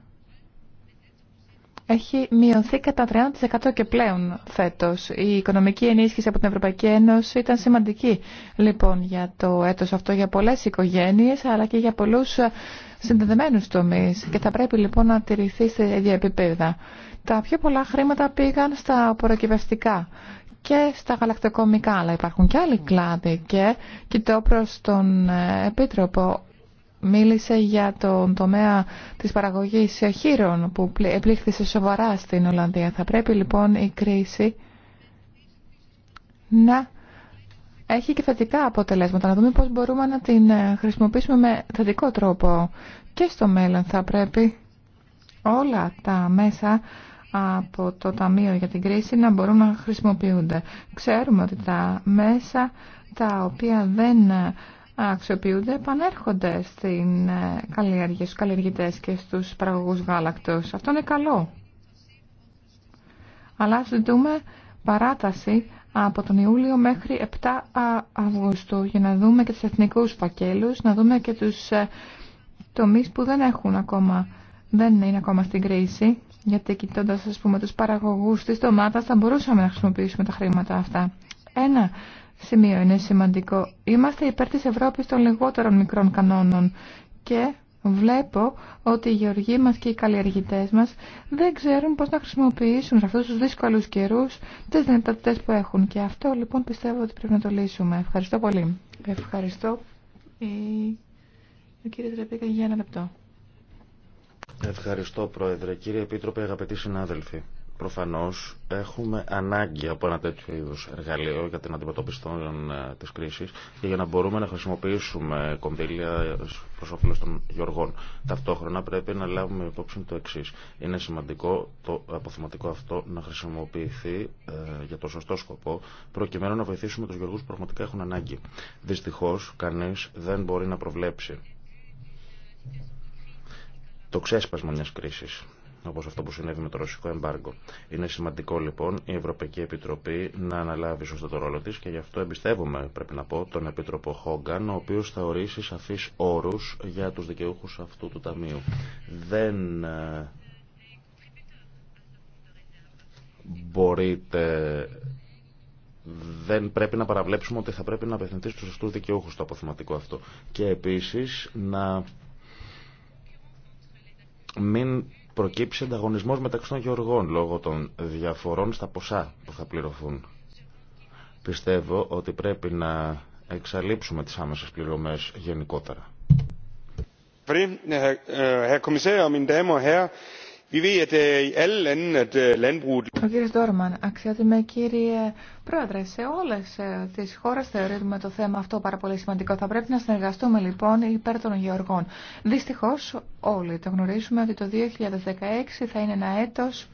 έχει μειωθεί κατά 30% και πλέον φέτος. Η οικονομική ενίσχυση από την Ευρωπαϊκή Ένωση ήταν σημαντική λοιπόν για το έτος αυτό για πολλές οικογένειες αλλά και για πολλούς ε, συνδεδεμένους τομείς και θα πρέπει λοιπόν να τηρηθεί σε ίδια επίπεδα. Τα πιο πολλά χρήματα πήγαν στα προκυβευτικά και στα γαλακτοκομικά, αλλά υπάρχουν και άλλοι κλάδοι και κοιτώ προς τον ε, Επίτροπο μίλησε για τον τομέα της παραγωγής χείρων που επλήχθησε σοβαρά στην Ολλανδία. Θα πρέπει λοιπόν η κρίση να έχει και θετικά αποτελέσματα. Να δούμε πώς μπορούμε να την ε, χρησιμοποιήσουμε με θετικό τρόπο. Και στο μέλλον θα πρέπει όλα τα μέσα από το Ταμείο για την Κρίση να μπορούν να χρησιμοποιούνται. Ξέρουμε ότι τα μέσα τα οποία δεν αξιοποιούνται επανέρχονται στην ε, καλλιέργεια, στους καλλιεργητές και στους παραγωγούς γάλακτος. Αυτό είναι καλό. Αλλά ζητούμε παράταση από τον Ιούλιο μέχρι 7 Αυγούστου για να δούμε και τους εθνικούς φακέλους, να δούμε και τους ε, τομείς που δεν έχουν ακόμα, δεν είναι ακόμα στην κρίση, γιατί κοιτώντα ας πούμε τους παραγωγούς της ντομάτας θα μπορούσαμε να χρησιμοποιήσουμε τα χρήματα αυτά. Ένα σημείο είναι σημαντικό. Είμαστε υπέρ της Ευρώπης των λιγότερων μικρών κανόνων και βλέπω ότι οι γεωργοί μας και οι καλλιεργητές μας δεν ξέρουν πώς να χρησιμοποιήσουν σε αυτούς τους δύσκολους καιρούς τις δυνατότητες που έχουν. Και αυτό λοιπόν πιστεύω ότι πρέπει να το λύσουμε. Ευχαριστώ πολύ. Ευχαριστώ. Η... Ο κύριε Τρεπίκα για ένα λεπτό. Ευχαριστώ Πρόεδρε. Κύριε Επίτροπε, αγαπητοί συνάδελφοι. Προφανώς έχουμε ανάγκη από ένα τέτοιο είδους εργαλείο για την αντιμετώπιση των, ε, της και για να μπορούμε να χρησιμοποιήσουμε κονδύλια προς όφελο των γεωργών. Ταυτόχρονα πρέπει να λάβουμε υπόψη το εξή. Είναι σημαντικό το αποθεματικό αυτό να χρησιμοποιηθεί ε, για το σωστό σκοπό προκειμένου να βοηθήσουμε τους γεωργούς που πραγματικά έχουν ανάγκη. Δυστυχώς κανείς δεν μπορεί να προβλέψει το ξέσπασμα μιας κρίσης όπως αυτό που συνέβη με το ρωσικό εμπάργκο. Είναι σημαντικό λοιπόν η Ευρωπαϊκή Επιτροπή να αναλάβει σωστά το ρόλο της και γι' αυτό εμπιστεύομαι, πρέπει να πω, τον Επίτροπο Χόγκαν, ο οποίος θα ορίσει σαφείς όρους για τους δικαιούχους αυτού του Ταμείου. Δεν ε, μπορείτε δεν πρέπει να παραβλέψουμε ότι θα πρέπει να απευθυνθεί στους αυτούς δικαιούχους το αποθυματικό αυτό. Και επίσης να μην προκύψει ανταγωνισμό μεταξύ των γεωργών λόγω των διαφορών στα ποσά που θα πληρωθούν. Πιστεύω ότι πρέπει να εξαλείψουμε τις άμεσες πληρωμές γενικότερα. Ε, ε, ε, Øh, øh, Ο κύριο Ντόρμαν, αξιότιμε κύριε Πρόεδρε, σε όλε τι χώρε θεωρούμε το θέμα αυτό πάρα πολύ σημαντικό. Θα πρέπει να συνεργαστούμε λοιπόν υπέρ των γεωργών. Δυστυχώ, όλοι το γνωρίζουμε ότι το 2016 θα είναι ένα έτος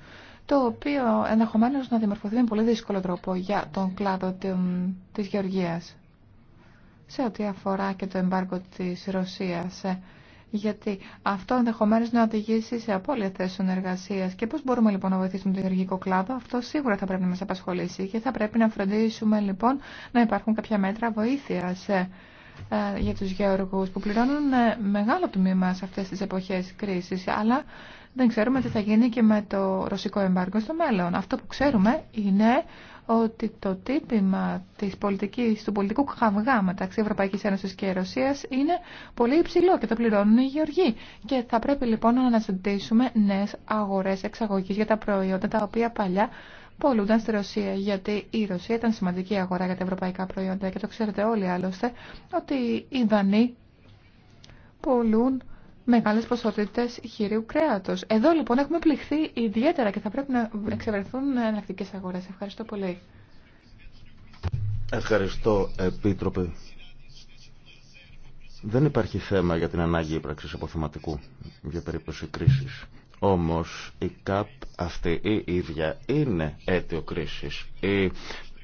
το οποίο ενδεχομένω να δημορφωθεί με πολύ δύσκολο τρόπο για τον κλάδο τη γεωργία Σε ό,τι αφορά και το εμπάρκο τη Ρωσία. Ε, γιατί αυτό ενδεχομένω να οδηγήσει σε απώλεια θέσεων εργασίας. Και πώς μπορούμε λοιπόν να βοηθήσουμε τον γεωργικό κλάδο, αυτό σίγουρα θα πρέπει να μα απασχολήσει και θα πρέπει να φροντίσουμε λοιπόν να υπάρχουν κάποια μέτρα βοήθειας ε, ε, για του γεωργούς που πληρώνουν ε, μεγάλο τμήμα σε αυτές τις εποχές κρίση. αλλά δεν ξέρουμε τι θα γίνει και με το ρωσικό εμπάργκο στο μέλλον. Αυτό που ξέρουμε είναι ότι το τύπημα της πολιτικής, του πολιτικού χαυγά μεταξύ Ευρωπαϊκής Ένωσης και Ρωσίας είναι πολύ υψηλό και το πληρώνουν οι γεωργοί. Και θα πρέπει λοιπόν να αναζητήσουμε νέες αγορές εξαγωγής για τα προϊόντα τα οποία παλιά πολλούνταν στη Ρωσία, γιατί η Ρωσία ήταν σημαντική αγορά για τα ευρωπαϊκά προϊόντα και το ξέρετε όλοι άλλωστε ότι οι Δανείοι πολλούν μεγάλες ποσότητε χειρίου κρέατος. Εδώ λοιπόν έχουμε πληχθεί ιδιαίτερα και θα πρέπει να εξευρεθούν εναλλακτικέ αγορές. Ευχαριστώ πολύ. Ευχαριστώ, Επίτροπε. Δεν υπάρχει θέμα για την ανάγκη ύπραξη αποθεματικού για περίπτωση κρίση. Όμως η ΚΑΠ αυτή η ίδια είναι αίτιο κρίση Η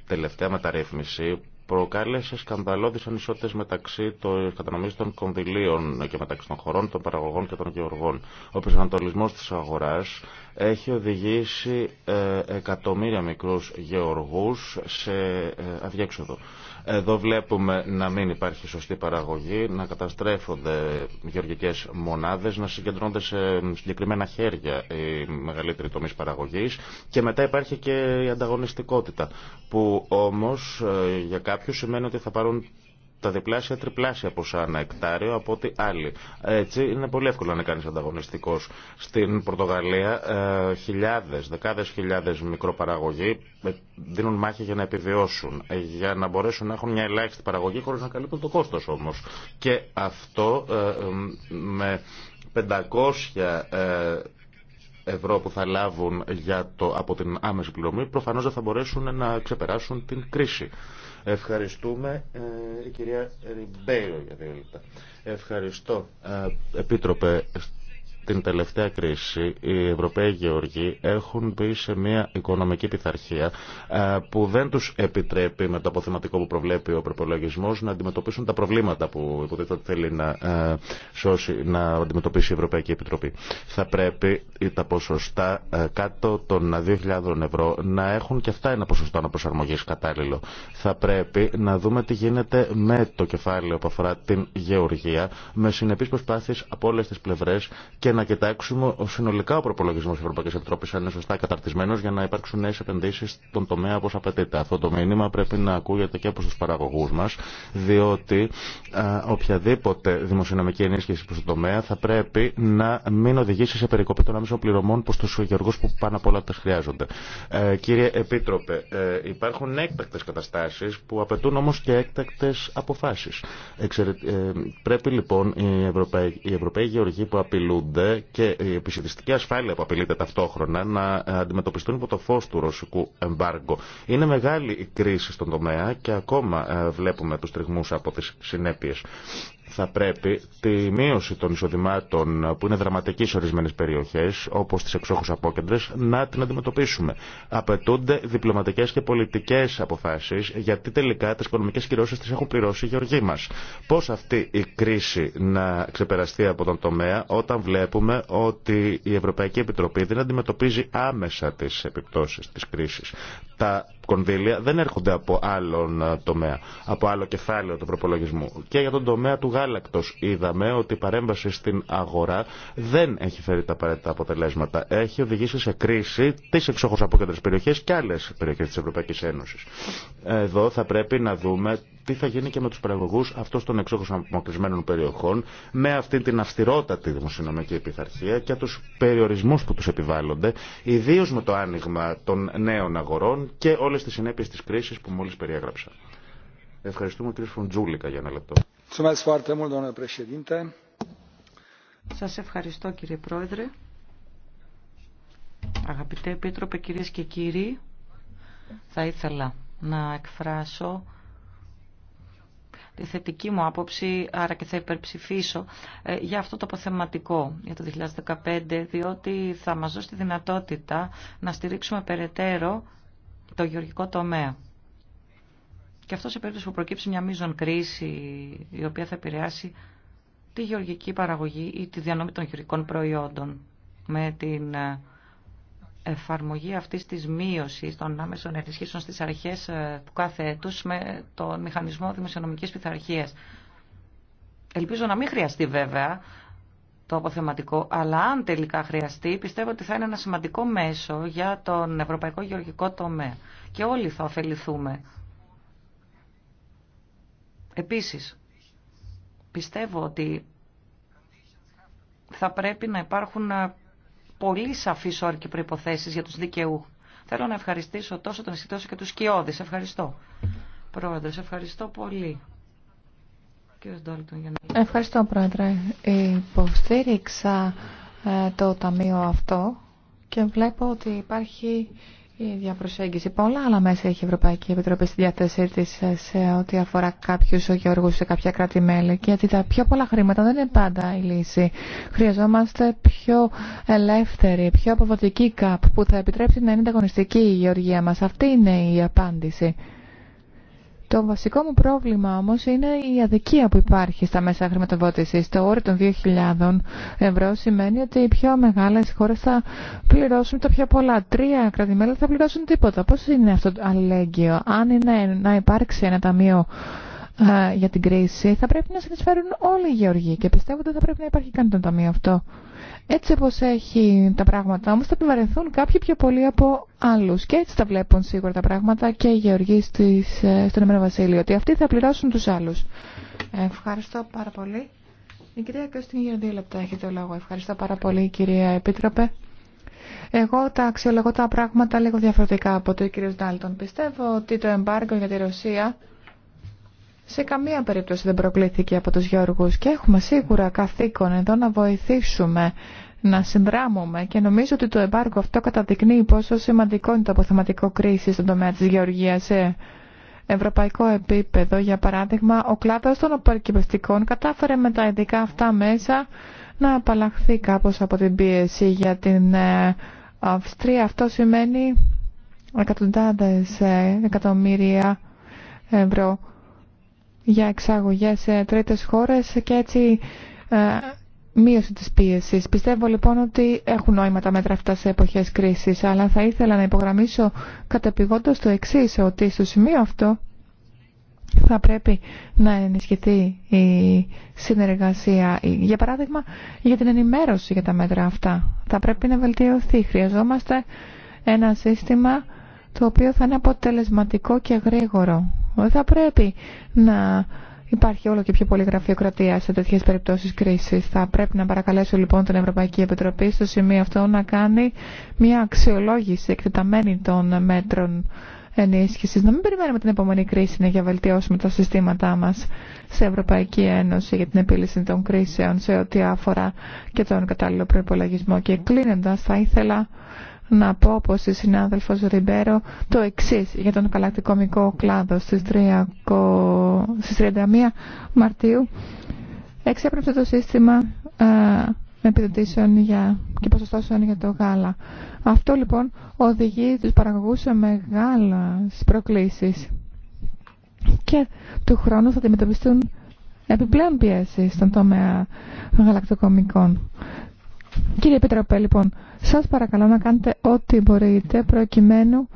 τελευταία μεταρρύθμιση προκάλεσε σκανδαλώδεις ανισότητε μεταξύ των κατανομή των κονδυλίων και μεταξύ των χωρών, των παραγωγών και των γεωργών. Ο προσανατολισμό της αγοράς έχει οδηγήσει ε, εκατομμύρια μικρούς γεωργούς σε ε, αδιέξοδο. Εδώ βλέπουμε να μην υπάρχει σωστή παραγωγή, να καταστρέφονται γεωργικές μονάδες, να συγκεντρώνονται σε συγκεκριμένα χέρια οι μεγαλύτεροι τομείς παραγωγής και μετά υπάρχει και η ανταγωνιστικότητα που όμως ε, για κάποιους σημαίνει ότι θα πάρουν τα διπλάσια, τριπλάσια ποσά ένα εκτάριο από ότι άλλοι. Έτσι είναι πολύ εύκολο να κάνει ανταγωνιστικό. Στην Πορτογαλία ε, χιλιάδε, δεκάδε χιλιάδε μικροπαραγωγοί ε, δίνουν μάχη για να επιβιώσουν, ε, για να μπορέσουν να έχουν μια ελάχιστη παραγωγή χωρί να καλύπτουν το κόστο όμω. Και αυτό ε, με 500 ευρώ που θα λάβουν για το, από την άμεση πληρωμή προφανώς δεν θα μπορέσουν να ξεπεράσουν την κρίση. Ευχαριστούμε ε, η κυρία Ριμπέιρο για δύο λεπτά. Ευχαριστώ. Ε, Επίτροπε, την τελευταία κρίση οι Ευρωπαίοι Γεωργοί έχουν μπει σε μια οικονομική πειθαρχία ε, που δεν τους επιτρέπει με το αποθεματικό που προβλέπει ο προπολογισμό να αντιμετωπίσουν τα προβλήματα που υποτίθεται θέλει να, ε, σώσει, να αντιμετωπίσει η Ευρωπαϊκή Επιτροπή. Θα πρέπει τα ποσοστά ε, κάτω των 2.000 ευρώ να έχουν και αυτά ένα ποσοστό αναπροσαρμογή κατάλληλο. Θα πρέπει να δούμε τι γίνεται με το κεφάλαιο που αφορά την γεωργία με συνεπείς προσπάθειες από όλες τις πλευρές και και να κοιτάξουμε συνολικά ο προπολογισμό τη Ευρωπαϊκή Επιτροπή αν είναι σωστά καταρτισμένο για να υπάρξουν νέε επενδύσει στον τομέα όπω απαιτείται. Αυτό το μήνυμα πρέπει να ακούγεται και από του παραγωγού μα, διότι οποιαδήποτε δημοσιονομική ενίσχυση προ τον τομέα θα πρέπει να μην οδηγήσει σε περικοπή των άμεσων πληρωμών προ του γεωργού που πάνω απ' όλα τα χρειάζονται. Ε, κύριε Επίτροπε, ε, υπάρχουν έκτακτε καταστάσει που απαιτούν όμω και έκτακτε αποφάσει. Ε, πρέπει λοιπόν οι Ευρωπαίοι, οι Ευρωπαίοι γεωργοί που απειλούνται και η επισητιστική ασφάλεια που απειλείται ταυτόχρονα να αντιμετωπιστούν υπό το φω του ρωσικού εμπάργκο. Είναι μεγάλη η κρίση στον τομέα και ακόμα ε, βλέπουμε του τριγμού από τι συνέπειε θα πρέπει τη μείωση των εισοδημάτων που είναι δραματική σε ορισμένε περιοχέ, όπω τι εξόχου απόκεντρε, να την αντιμετωπίσουμε. Απαιτούνται διπλωματικέ και πολιτικέ αποφάσει, γιατί τελικά τι οικονομικέ κυρώσει τι έχουν πληρώσει οι γεωργοί μα. Πώ αυτή η κρίση να ξεπεραστεί από τον τομέα, όταν βλέπουμε ότι η Ευρωπαϊκή Επιτροπή δεν αντιμετωπίζει άμεσα τι επιπτώσει τη κρίση. Τα κονδύλια δεν έρχονται από άλλον ε, τομέα, από άλλο κεφάλαιο του προπολογισμού. Και για τον τομέα του γάλακτος είδαμε ότι η παρέμβαση στην αγορά δεν έχει φέρει τα απαραίτητα αποτελέσματα. Έχει οδηγήσει σε κρίση τις εξόχως απόκεντρες περιοχές και άλλες περιοχές της Ευρωπαϊκής Ένωσης. Εδώ θα πρέπει να δούμε τι θα γίνει και με του παραγωγού αυτών των εξόχων απομακρυσμένων περιοχών με αυτή την αυστηρότατη δημοσιονομική επιθαρχία και του περιορισμού που του επιβάλλονται, ιδίω με το άνοιγμα των νέων αγορών και όλε τι συνέπειε τη κρίση που μόλι περιέγραψα. Ευχαριστούμε κύριε Φροντζούλικα για ένα λεπτό. Σα ευχαριστώ κύριε Πρόεδρε. Αγαπητέ Επίτροπε, κυρίες και κύριοι, θα ήθελα να εκφράσω τη θετική μου άποψη, άρα και θα υπερψηφίσω ε, για αυτό το αποθεματικό για το 2015, διότι θα μας δώσει τη δυνατότητα να στηρίξουμε περαιτέρω το γεωργικό τομέα. Και αυτό σε περίπτωση που προκύψει μια μείζον κρίση η οποία θα επηρεάσει τη γεωργική παραγωγή ή τη διανομή των γεωργικών προϊόντων με την ε, εφαρμογή αυτής της μείωσης των άμεσων ενισχύσεων στις αρχές ε, του κάθε έτους με τον μηχανισμό δημοσιονομικής πειθαρχίας. Ελπίζω να μην χρειαστεί βέβαια το αποθεματικό, αλλά αν τελικά χρειαστεί, πιστεύω ότι θα είναι ένα σημαντικό μέσο για τον ευρωπαϊκό γεωργικό τομέα. Και όλοι θα ωφεληθούμε. Επίσης, πιστεύω ότι θα πρέπει να υπάρχουν ε, πολύ σαφή όροι προποθέσει για του δικαιού. Θέλω να ευχαριστήσω τόσο τον εισηγητή και του Σκιώδη. Ευχαριστώ. πρόεδρε. ευχαριστώ πολύ. Ευχαριστώ, Πρόεδρε. Υποστήριξα ε, το ταμείο αυτό και βλέπω ότι υπάρχει η διαπροσέγγιση. Πολλά άλλα μέσα έχει η Ευρωπαϊκή Επιτροπή στη διάθεσή τη σε ό,τι αφορά κάποιου γεωργού σε κάποια κράτη-μέλη. Γιατί τα πιο πολλά χρήματα δεν είναι πάντα η λύση. Χρειαζόμαστε πιο ελεύθερη, πιο αποδοτική ΚΑΠ που θα επιτρέψει να είναι ανταγωνιστική η γεωργία μα. Αυτή είναι η απάντηση. Το βασικό μου πρόβλημα όμως είναι η αδικία που υπάρχει στα μέσα χρηματοδότησης. Το όριο των 2.000 ευρώ σημαίνει ότι οι πιο μεγάλε χώρε θα πληρώσουν τα πιο πολλά. Τρία κρατημέλα θα πληρώσουν τίποτα. Πώς είναι αυτό το αλληλέγγυο. Αν είναι να υπάρξει ένα ταμείο ε, για την κρίση θα πρέπει να συνεισφέρουν όλοι οι γεωργοί και πιστεύω ότι θα πρέπει να υπάρχει καν το ταμείο αυτό έτσι όπως έχει τα πράγματα όμως θα επιβαρυνθούν κάποιοι πιο πολύ από άλλους και έτσι τα βλέπουν σίγουρα τα πράγματα και οι γεωργοί στις, ε, στον Εμένο Βασίλειο ότι αυτοί θα πληρώσουν τους άλλους. Ευχαριστώ πάρα πολύ. Η κυρία Κωστίν για δύο λεπτά έχει το λόγο. Ευχαριστώ πάρα πολύ κυρία Επίτροπε. Εγώ τα αξιολογώ τα πράγματα λίγο διαφορετικά από το κύριο Ντάλτον. Πιστεύω ότι το εμπάργκο για τη Ρωσία σε καμία περίπτωση δεν προκλήθηκε από τους Γεωργούς και έχουμε σίγουρα καθήκον εδώ να βοηθήσουμε να συνδράμουμε και νομίζω ότι το εμπάρκο αυτό καταδεικνύει πόσο σημαντικό είναι το αποθεματικό κρίση στον τομέα της γεωργίας σε ευρωπαϊκό επίπεδο. Για παράδειγμα, ο κλάδος των απορκυπευτικών κατάφερε με τα ειδικά αυτά μέσα να απαλλαχθεί κάπως από την πίεση για την ε, Αυστρία. Αυτό σημαίνει εκατοντάδες ε, εκατομμύρια ευρώ για εξαγωγές σε τρίτες χώρες και έτσι ε, μείωση της πίεσης. Πιστεύω λοιπόν ότι έχουν νόημα τα μέτρα αυτά σε εποχές κρίσης, αλλά θα ήθελα να υπογραμμίσω κατεπηγόντως το εξή ότι στο σημείο αυτό θα πρέπει να ενισχυθεί η συνεργασία, για παράδειγμα, για την ενημέρωση για τα μέτρα αυτά. Θα πρέπει να βελτιωθεί. Χρειαζόμαστε ένα σύστημα το οποίο θα είναι αποτελεσματικό και γρήγορο θα πρέπει να υπάρχει όλο και πιο πολύ γραφειοκρατία σε τέτοιε περιπτώσει κρίση. Θα πρέπει να παρακαλέσω λοιπόν την Ευρωπαϊκή Επιτροπή στο σημείο αυτό να κάνει μια αξιολόγηση εκτεταμένη των μέτρων ενίσχυση. Να μην περιμένουμε την επόμενη κρίση για να βελτιώσουμε τα συστήματά μα σε Ευρωπαϊκή Ένωση για την επίλυση των κρίσεων σε ό,τι αφορά και τον κατάλληλο προπολογισμό. Και κλείνοντα, θα ήθελα να πω πως η συνάδελφο Ριμπέρο το εξή για τον μικό κλάδο στι 31 Μαρτίου εξέπρεψε το σύστημα ε, επιδοτήσεων για, και ποσοστώσεων για το γάλα. Αυτό λοιπόν οδηγεί τους παραγωγούς σε μεγάλες προκλήσεις και του χρόνου θα αντιμετωπιστούν επιπλέον πιέσει στον τομέα γαλακτοκομικών. Κύριε Επιτροπέ, λοιπόν, σας παρακαλώ να κάνετε ό,τι μπορείτε προκειμένου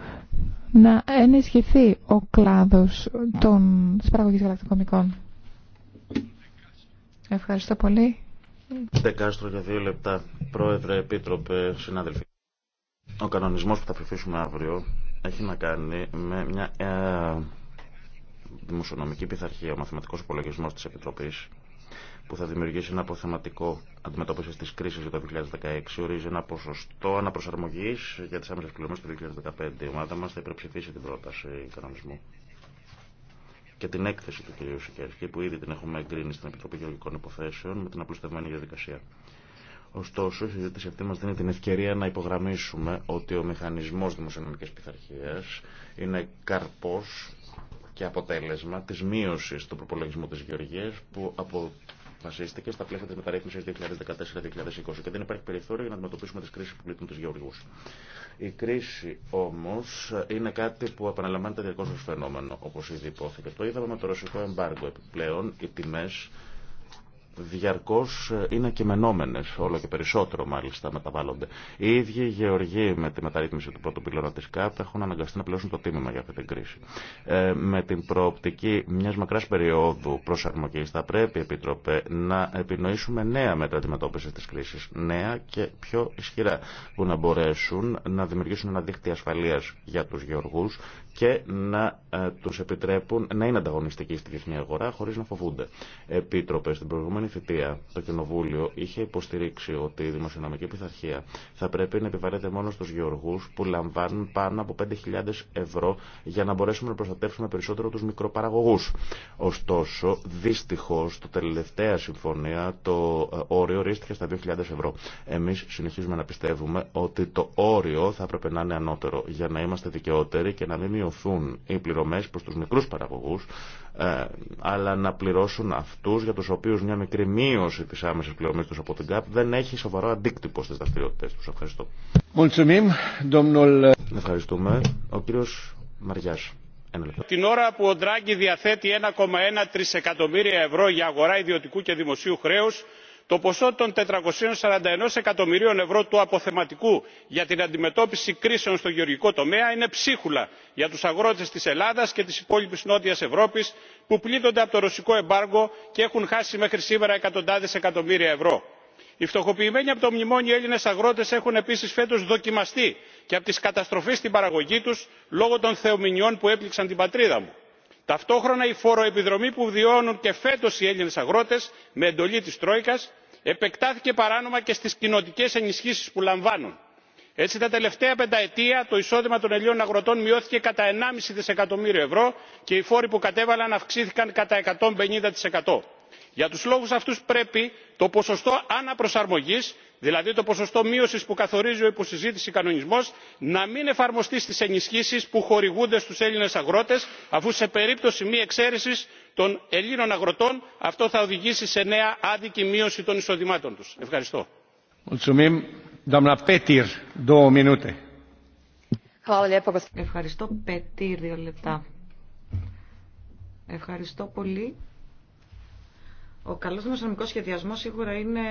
να ενισχυθεί ο κλάδος των, της παραγωγής γαλακτοκομικών. Ευχαριστώ πολύ. Κάστρο για δύο λεπτά. Πρόεδρε, Επίτροπε, συνάδελφοι. Ο κανονισμός που θα ψηφίσουμε αύριο έχει να κάνει με μια ε, δημοσιονομική πειθαρχία, ο μαθηματικός υπολογισμός της Επιτροπής που θα δημιουργήσει ένα αποθεματικό αντιμετώπιση τη κρίση για το 2016 ορίζει ένα ποσοστό αναπροσαρμογή για τι άμεσε πληρωμέ του 2015. Η ομάδα μα θα υπερψηφίσει την πρόταση κανονισμού και την έκθεση του κ. Σικέρσκη, που ήδη την έχουμε εγκρίνει στην Επιτροπή Γεωργικών Υποθέσεων με την απλουστευμένη διαδικασία. Ωστόσο, η συζήτηση αυτή μα δίνει την ευκαιρία να υπογραμμίσουμε ότι ο μηχανισμό δημοσιονομική πειθαρχία είναι καρπό και αποτέλεσμα τη μείωση του προπολογισμού τη Γεωργία που από αποφασίστηκε στα πλαίσια τη μεταρρύθμιση 2014-2020 και δεν υπάρχει περιθώριο για να αντιμετωπίσουμε τι κρίσει που πλήττουν του γεωργού. Η κρίση όμω είναι κάτι που επαναλαμβάνεται διαρκώ ω φαινόμενο, όπω ήδη υπόθηκε. Το είδαμε με το ρωσικό εμπάργκο. Επιπλέον, οι τιμέ διαρκώς ε, είναι κειμενόμενες, όλο και περισσότερο μάλιστα μεταβάλλονται. Οι ίδιοι οι γεωργοί με τη μεταρρύθμιση του πρώτου πυλώνα της ΚΑΠ έχουν αναγκαστεί να πληρώσουν το τίμημα για αυτή την κρίση. Ε, με την προοπτική μιας μακράς περίοδου προσαρμογής θα πρέπει, Επίτροπε, να επινοήσουμε νέα μέτρα αντιμετώπιση της κρίσης, νέα και πιο ισχυρά, που να μπορέσουν να δημιουργήσουν ένα δίχτυ ασφαλείας για τους γεωργούς και να ε, τους επιτρέπουν να είναι ανταγωνιστικοί στη διεθνή αγορά χωρίς να φοβούνται. Επίτροπε, στην προηγούμενη προηγούμενη θητεία το Κοινοβούλιο είχε υποστηρίξει ότι η δημοσιονομική πειθαρχία θα πρέπει να επιβαρύνεται μόνο στους γεωργούς που λαμβάνουν πάνω από 5.000 ευρώ για να μπορέσουμε να προστατεύσουμε περισσότερο τους μικροπαραγωγούς. Ωστόσο, δυστυχώς, το τελευταία συμφωνία το ε, όριο ρίστηκε στα 2.000 ευρώ. Εμείς συνεχίζουμε να πιστεύουμε ότι το όριο θα έπρεπε να είναι ανώτερο για να είμαστε δικαιότεροι και να μην μειωθούν οι πληρωμές προς τους μικρού παραγωγούς ε, αλλά να πληρώσουν αυτούς για τους οποίους μια μικρή μείωση της άμεσης πληρωμής τους από την ΚΑΠ δεν έχει σοβαρό αντίκτυπο στις δραστηριότητες τους. Ευχαριστώ. Ευχαριστούμε. Ο κύριος Μαριάς. Την ώρα που ο Ντράγκη διαθέτει 1,1 τρισεκατομμύρια ευρώ για αγορά ιδιωτικού και δημοσίου χρέους, το ποσό των τετρακοσίων εκατομμυρίων ευρώ του αποθεματικού για την αντιμετώπιση κρίσεων στο γεωργικό τομέα είναι ψίχουλα για τους αγρότες της ελλάδας και της υπόλοιπης νότιας ευρώπης που πλήττονται από το ρωσικό εμπάργο και έχουν χάσει μέχρι σήμερα εκατοντάδες εκατομμύρια ευρώ. οι φτωχοποιημένοι από το μνημόνιο έλληνες αγρότες έχουν επίσης φέτος δοκιμαστεί και από τις καταστροφές στην παραγωγή τους λόγω των θεομηνιών που έπληξαν την πατρίδα μου ταυτόχρονα η φοροεπιδρομή που βιώνουν και φέτος οι έλληνες αγρότες με εντολή της τρόικας επεκτάθηκε παράνομα και στις κοινοτικές ενισχύσεις που λαμβάνουν. έτσι τα τελευταία πενταετία το εισόδημα των ελλήνων αγροτών μειώθηκε κατά 1,5 δισεκατομμύριο ευρώ και οι φόροι που κατέβαλαν αυξήθηκαν κατά. 150%. για τους λόγους αυτούς πρέπει το ποσοστό αναπροσαρμογής δηλαδή το ποσοστό μείωσης που καθορίζει ο υποσυζήτηση κανονισμός να μην εφαρμοστεί στις ενισχύσεις που χορηγούνται στους έλληνες αγρότες αφού σε περίπτωση μη εξαίρεσης των ελλήνων αγροτών αυτό θα οδηγήσει σε νέα άδικη μείωση των εισοδημάτων τους. ευχαριστώ. Ευχαριστώ, λεπτά. Ευχαριστώ πολύ. Ο καλός νομικός σχεδιασμός σίγουρα είναι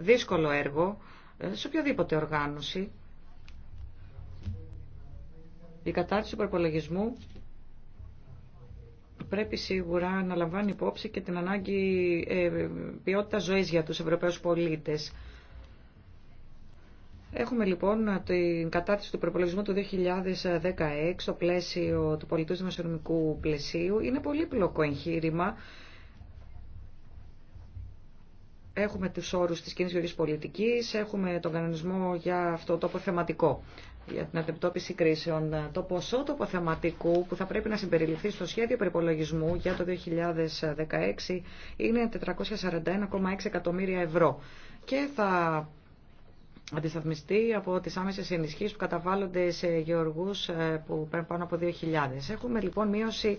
δύσκολο έργο ε, σε οποιοδήποτε οργάνωση. Η κατάρτιση του προπολογισμού πρέπει σίγουρα να λαμβάνει υπόψη και την ανάγκη ε, ποιότητα ζωής για τους Ευρωπαίους πολίτες. Έχουμε λοιπόν την κατάρτιση του προπολογισμού του 2016 στο πλαίσιο του πολιτού δημοσιονομικού πλαισίου. Είναι πολύπλοκο εγχείρημα Έχουμε του όρου της κοινή γεωργική πολιτικής, έχουμε τον κανονισμό για αυτό το αποθεματικό για την αντιμετώπιση κρίσεων. Το ποσό του αποθεματικού που θα πρέπει να συμπεριληφθεί στο σχέδιο περιπολογισμού για το 2016 είναι 441,6 εκατομμύρια ευρώ και θα αντισταθμιστεί από τις άμεσες ενισχύσεις που καταβάλλονται σε γεωργούς ε, που παίρνουν πάνω από 2.000. Έχουμε λοιπόν μείωση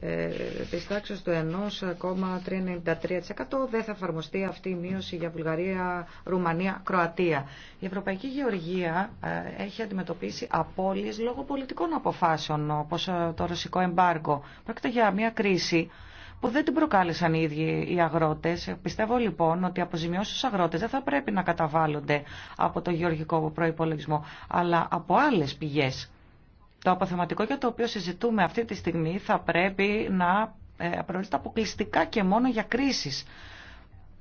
ε, της τάξης του 1,393% δεν θα εφαρμοστεί αυτή η μείωση για Βουλγαρία, Ρουμανία, Κροατία. Η Ευρωπαϊκή Γεωργία ε, έχει αντιμετωπίσει απώλειες λόγω πολιτικών αποφάσεων όπως ε, το ρωσικό εμπάργκο. Πρόκειται για μια κρίση που δεν την προκάλεσαν οι ίδιοι οι αγρότες. Πιστεύω λοιπόν ότι οι αποζημιώσεις στους αγρότες δεν θα πρέπει να καταβάλλονται από το γεωργικό προϋπολογισμό, αλλά από άλλες πηγές. Το αποθεματικό για το οποίο συζητούμε αυτή τη στιγμή θα πρέπει να ε, προορίζεται αποκλειστικά και μόνο για κρίσεις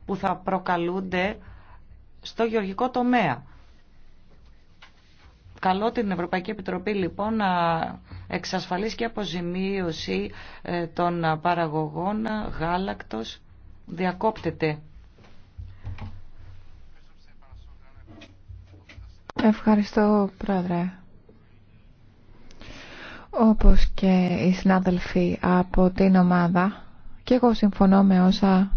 που θα προκαλούνται στο γεωργικό τομέα. Καλό την Ευρωπαϊκή Επιτροπή λοιπόν να εξασφαλίσει και αποζημίωση ε, των παραγωγών γάλακτος διακόπτεται. Ευχαριστώ πρόεδρε. Όπως και οι συνάδελφοι από την ομάδα και εγώ συμφωνώ με όσα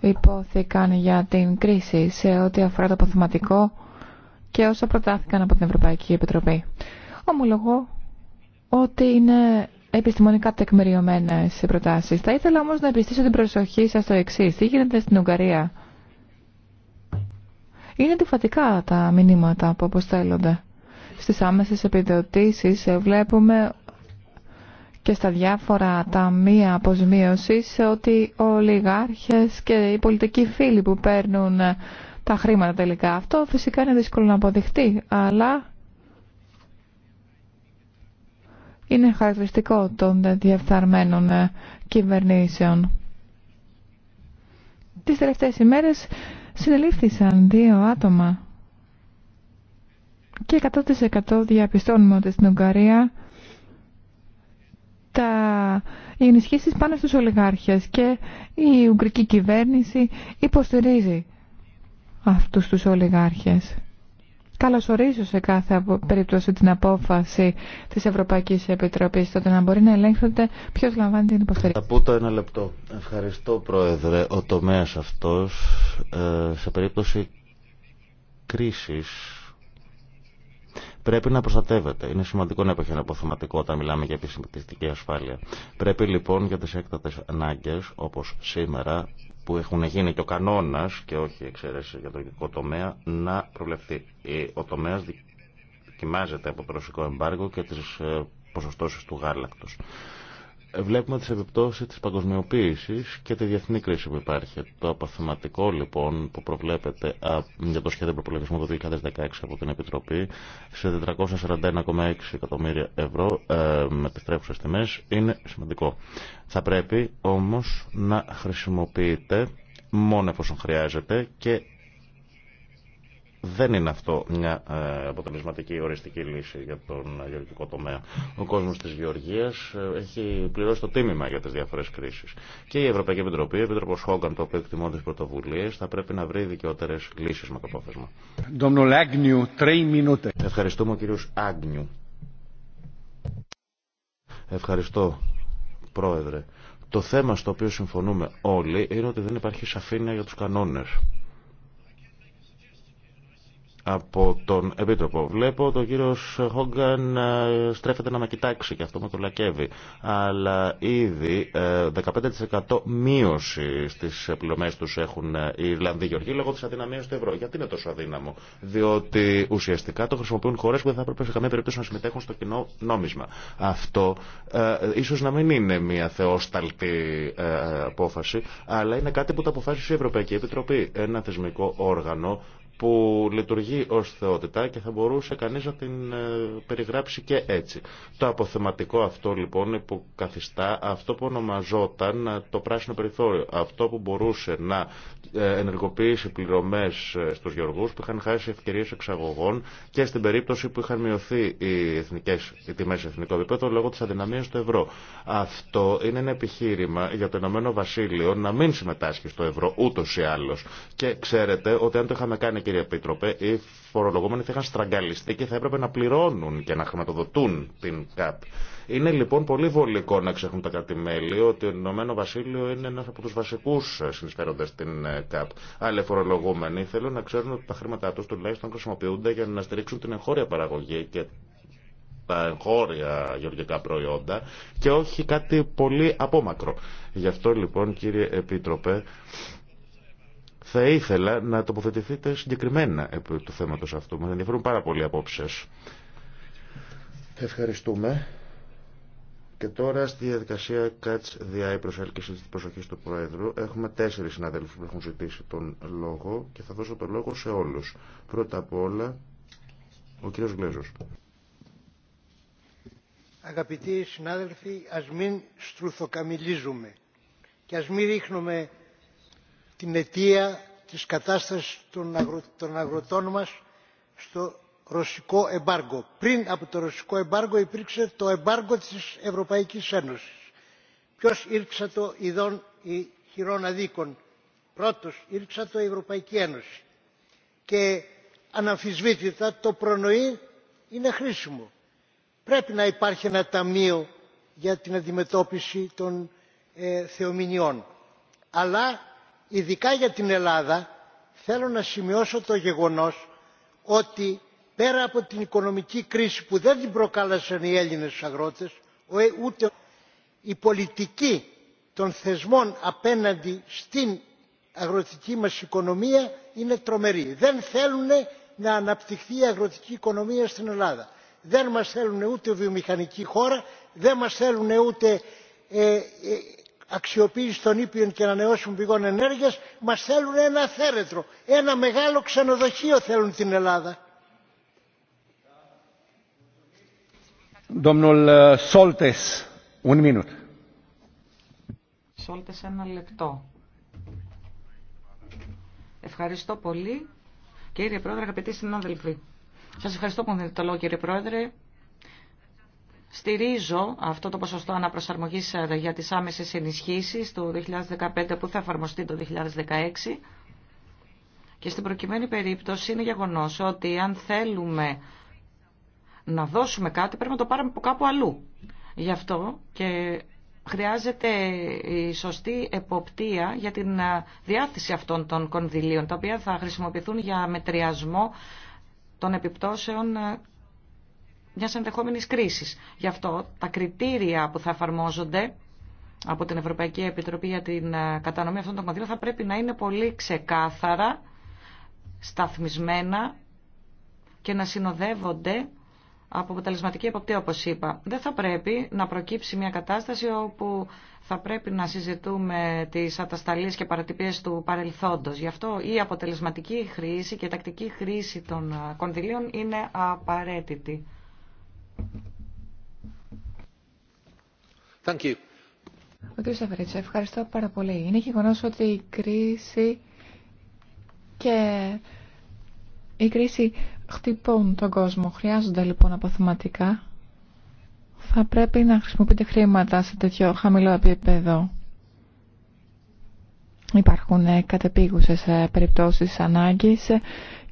υπόθηκαν για την κρίση σε ό,τι αφορά το αποθεματικό και όσα προτάθηκαν από την Ευρωπαϊκή Επιτροπή. Ομολογώ ότι είναι επιστημονικά τεκμηριωμένες οι προτάσεις. Θα ήθελα όμως να επιστήσω την προσοχή σας στο εξή. Τι γίνεται στην Ουγγαρία. Είναι αντιφατικά τα μηνύματα που αποστέλλονται στις άμεσες επιδοτήσεις ε, βλέπουμε και στα διάφορα ταμεία αποσμίωσης ότι οι ολιγάρχες και οι πολιτικοί φίλοι που παίρνουν ε, τα χρήματα τελικά. Αυτό φυσικά είναι δύσκολο να αποδειχτεί, αλλά είναι χαρακτηριστικό των διεφθαρμένων ε, κυβερνήσεων. Τις τελευταίες ημέρες συνελήφθησαν δύο άτομα και 100% διαπιστώνουμε ότι στην Ουγγαρία τα... οι ενισχύσεις πάνε στους ολιγάρχες και η Ουγγρική κυβέρνηση υποστηρίζει αυτούς τους ολιγάρχες. Καλωσορίζω σε κάθε περίπτωση την απόφαση της Ευρωπαϊκής Επιτροπής τότε να μπορεί να ελέγχονται ποιος λαμβάνει την υποστηρίξη. Θα πω ένα λεπτό. Ευχαριστώ Πρόεδρε. Ο τομέας αυτός ε, σε περίπτωση κρίσης πρέπει να προστατεύεται. Είναι σημαντικό να υπάρχει αποθεματικό όταν μιλάμε για επιστημιστική ασφάλεια. Πρέπει λοιπόν για τις έκτατε ανάγκες, όπως σήμερα, που έχουν γίνει και ο κανόνα και όχι εξαιρέσει για το ειδικό τομέα, να προβλεφθεί. Ο τομέας δοκιμάζεται από το ρωσικό εμπάργο και τις ε, ποσοστώσεις του γάλακτο βλέπουμε τις επιπτώσεις της παγκοσμιοποίησης και τη διεθνή κρίση που υπάρχει. Το απαθηματικό λοιπόν που προβλέπεται για το σχέδιο προπολογισμού του 2016 από την Επιτροπή σε 441,6 εκατομμύρια ευρώ ε, με τρέχουσες τιμές είναι σημαντικό. Θα πρέπει όμως να χρησιμοποιείται μόνο εφόσον χρειάζεται και δεν είναι αυτό μια ε, αποτελεσματική οριστική λύση για τον γεωργικό τομέα. Ο κόσμος της γεωργίας ε, έχει πληρώσει το τίμημα για τις διάφορες κρίσεις. Και η Ευρωπαϊκή Επιτροπή, ο Επίτροπο Χόγκαν, το οποίο εκτιμώ τις πρωτοβουλίες, θα πρέπει να βρει δικαιότερε λύσεις με το πρόθεσμα. Ευχαριστούμε ο κύριος Άγνιου. Ευχαριστώ, Πρόεδρε. Το θέμα στο οποίο συμφωνούμε όλοι είναι ότι δεν υπάρχει σαφήνεια για τους κανόνες από τον Επίτροπο. Βλέπω τον κύριο Χόγκαν ε, στρέφεται να με κοιτάξει και αυτό με το λακεύει. Αλλά ήδη 15% ε, μείωση στις πληρωμές τους έχουν ε, οι Ιρλανδοί Γεωργοί λόγω της αδυναμίας του ευρώ. Γιατί είναι τόσο αδύναμο. Διότι ουσιαστικά το χρησιμοποιούν χώρες που δεν θα έπρεπε σε καμία περίπτωση να συμμετέχουν στο κοινό νόμισμα. Αυτό ε, ίσως να μην είναι μια θεόσταλτη απόφαση, αλλά είναι κάτι που το αποφάσισε η Ευρωπαϊκή Επιτροπή. Ένα θεσμικό όργανο που λειτουργεί ως θεότητα και θα μπορούσε κανείς να την ε, περιγράψει και έτσι. Το αποθεματικό αυτό λοιπόν υποκαθιστά αυτό που ονομαζόταν ε, το πράσινο περιθώριο, αυτό που μπορούσε να ε, ενεργοποιήσει πληρωμές στους γεωργούς που είχαν χάσει ευκαιρίες εξαγωγών και στην περίπτωση που είχαν μειωθεί οι, εθνικές, οι τιμές σε εθνικό επίπεδο λόγω της αδυναμίας του ευρώ. Αυτό είναι ένα επιχείρημα για το Ηνωμένο Βασίλειο να μην συμμετάσχει στο ευρώ ούτως ή άλλως. Και ξέρετε ότι αν το είχαμε κάνει κύριε Επίτροπε, οι φορολογούμενοι θα είχαν στραγγαλιστεί και θα έπρεπε να πληρώνουν και να χρηματοδοτούν την ΚΑΠ. Είναι λοιπόν πολύ βολικό να ξέχουν τα κρατημέλη ότι ο Ηνωμένο Βασίλειο είναι ένα από του βασικού συνεισφέροντε στην ε, ΚΑΠ. Άλλοι φορολογούμενοι θέλουν να ξέρουν ότι τα χρήματά του τουλάχιστον χρησιμοποιούνται για να στηρίξουν την εγχώρια παραγωγή και τα εγχώρια γεωργικά προϊόντα και όχι κάτι πολύ απόμακρο. Γι' αυτό λοιπόν κύριε Επίτροπε θα ήθελα να τοποθετηθείτε συγκεκριμένα επί του θέματος αυτού. Μας ενδιαφέρουν πάρα πολύ απόψει Ευχαριστούμε. Και τώρα στη διαδικασία ΚΑΤΣ Eye προσέλκυση τη προσοχή του Προέδρου. Έχουμε τέσσερι συναδέλφου που έχουν ζητήσει τον λόγο και θα δώσω τον λόγο σε όλου. Πρώτα απ' όλα, ο κ. Γκλέζο. Αγαπητοί συνάδελφοι, α μην στρουθοκαμιλίζουμε και α μην ρίχνουμε την αιτία της κατάστασης των, αγροτών, των μας στο ρωσικό εμπάργκο. Πριν από το ρωσικό εμπάργκο υπήρξε το εμπάργκο της Ευρωπαϊκής Ένωσης. Ποιος το χειρών αδίκων. Πρώτος ήρξατο η χειρων αδικων πρωτος ήρξα το ευρωπαικη ενωση Και αναμφισβήτητα το προνοεί είναι χρήσιμο. Πρέπει να υπάρχει ένα ταμείο για την αντιμετώπιση των ε, θεομηνιών. Αλλά ειδικά για την ελλάδα θέλω να σημειώσω το γεγονός ότι πέρα από την οικονομική κρίση που δεν την προκάλεσαν οι έλληνες αγρότες ε, ούτε η πολιτική των θεσμών απέναντι στην αγροτική μας οικονομία είναι τρομερή. Δεν θέλουν να αναπτυχθεί η αγροτική οικονομία στην Ελλάδα. Δεν μας θέλουν ούτε βιομηχανική χώρα, δεν μας θέλουν ούτε ε, ε, αξιοποίηση των ήπιων και ανανεώσιμων πηγών ενέργειας μας θέλουν ένα θέρετρο. Ένα μεγάλο ξενοδοχείο θέλουν την Ελλάδα. Domnul ε, ένα λεπτό. Ευχαριστώ πολύ. Κύριε Πρόεδρε, αγαπητοί συνάδελφοι. Σας ευχαριστώ που μου δίνετε το λόγο κύριε Πρόεδρε. Στηρίζω αυτό το ποσοστό αναπροσαρμογής ε, για τις άμεσες ενισχύσεις το 2015 που θα εφαρμοστεί το 2016 και στην προκειμένη περίπτωση είναι γεγονός ότι αν θέλουμε να δώσουμε κάτι πρέπει να το πάρουμε από κάπου αλλού. Γι' αυτό και χρειάζεται η σωστή εποπτεία για την ε, διάθεση αυτών των κονδυλίων, τα οποία θα χρησιμοποιηθούν για μετριασμό των επιπτώσεων ε, μια ενδεχόμενη κρίση. Γι' αυτό τα κριτήρια που θα εφαρμόζονται από την Ευρωπαϊκή Επιτροπή για την ε, κατανομή αυτών των κονδύλων θα πρέπει να είναι πολύ ξεκάθαρα, σταθμισμένα και να συνοδεύονται από αποτελεσματική εποπτεία, όπως είπα. Δεν θα πρέπει να προκύψει μια κατάσταση όπου θα πρέπει να συζητούμε τις ατασταλίες και παρατυπίες του παρελθόντος. Γι' αυτό η αποτελεσματική χρήση και η τακτική χρήση των ε, κονδυλίων είναι απαραίτητη. Thank ευχαριστώ πάρα πολύ. Είναι γεγονός ότι η κρίση και η κρίση χτυπών τον κόσμο. Χρειάζονται λοιπόν αποθεματικά. Θα πρέπει να χρησιμοποιείτε χρήματα σε τέτοιο χαμηλό επίπεδο. Υπάρχουν ε, κατεπίγουσες ε, περιπτώσεις ανάγκης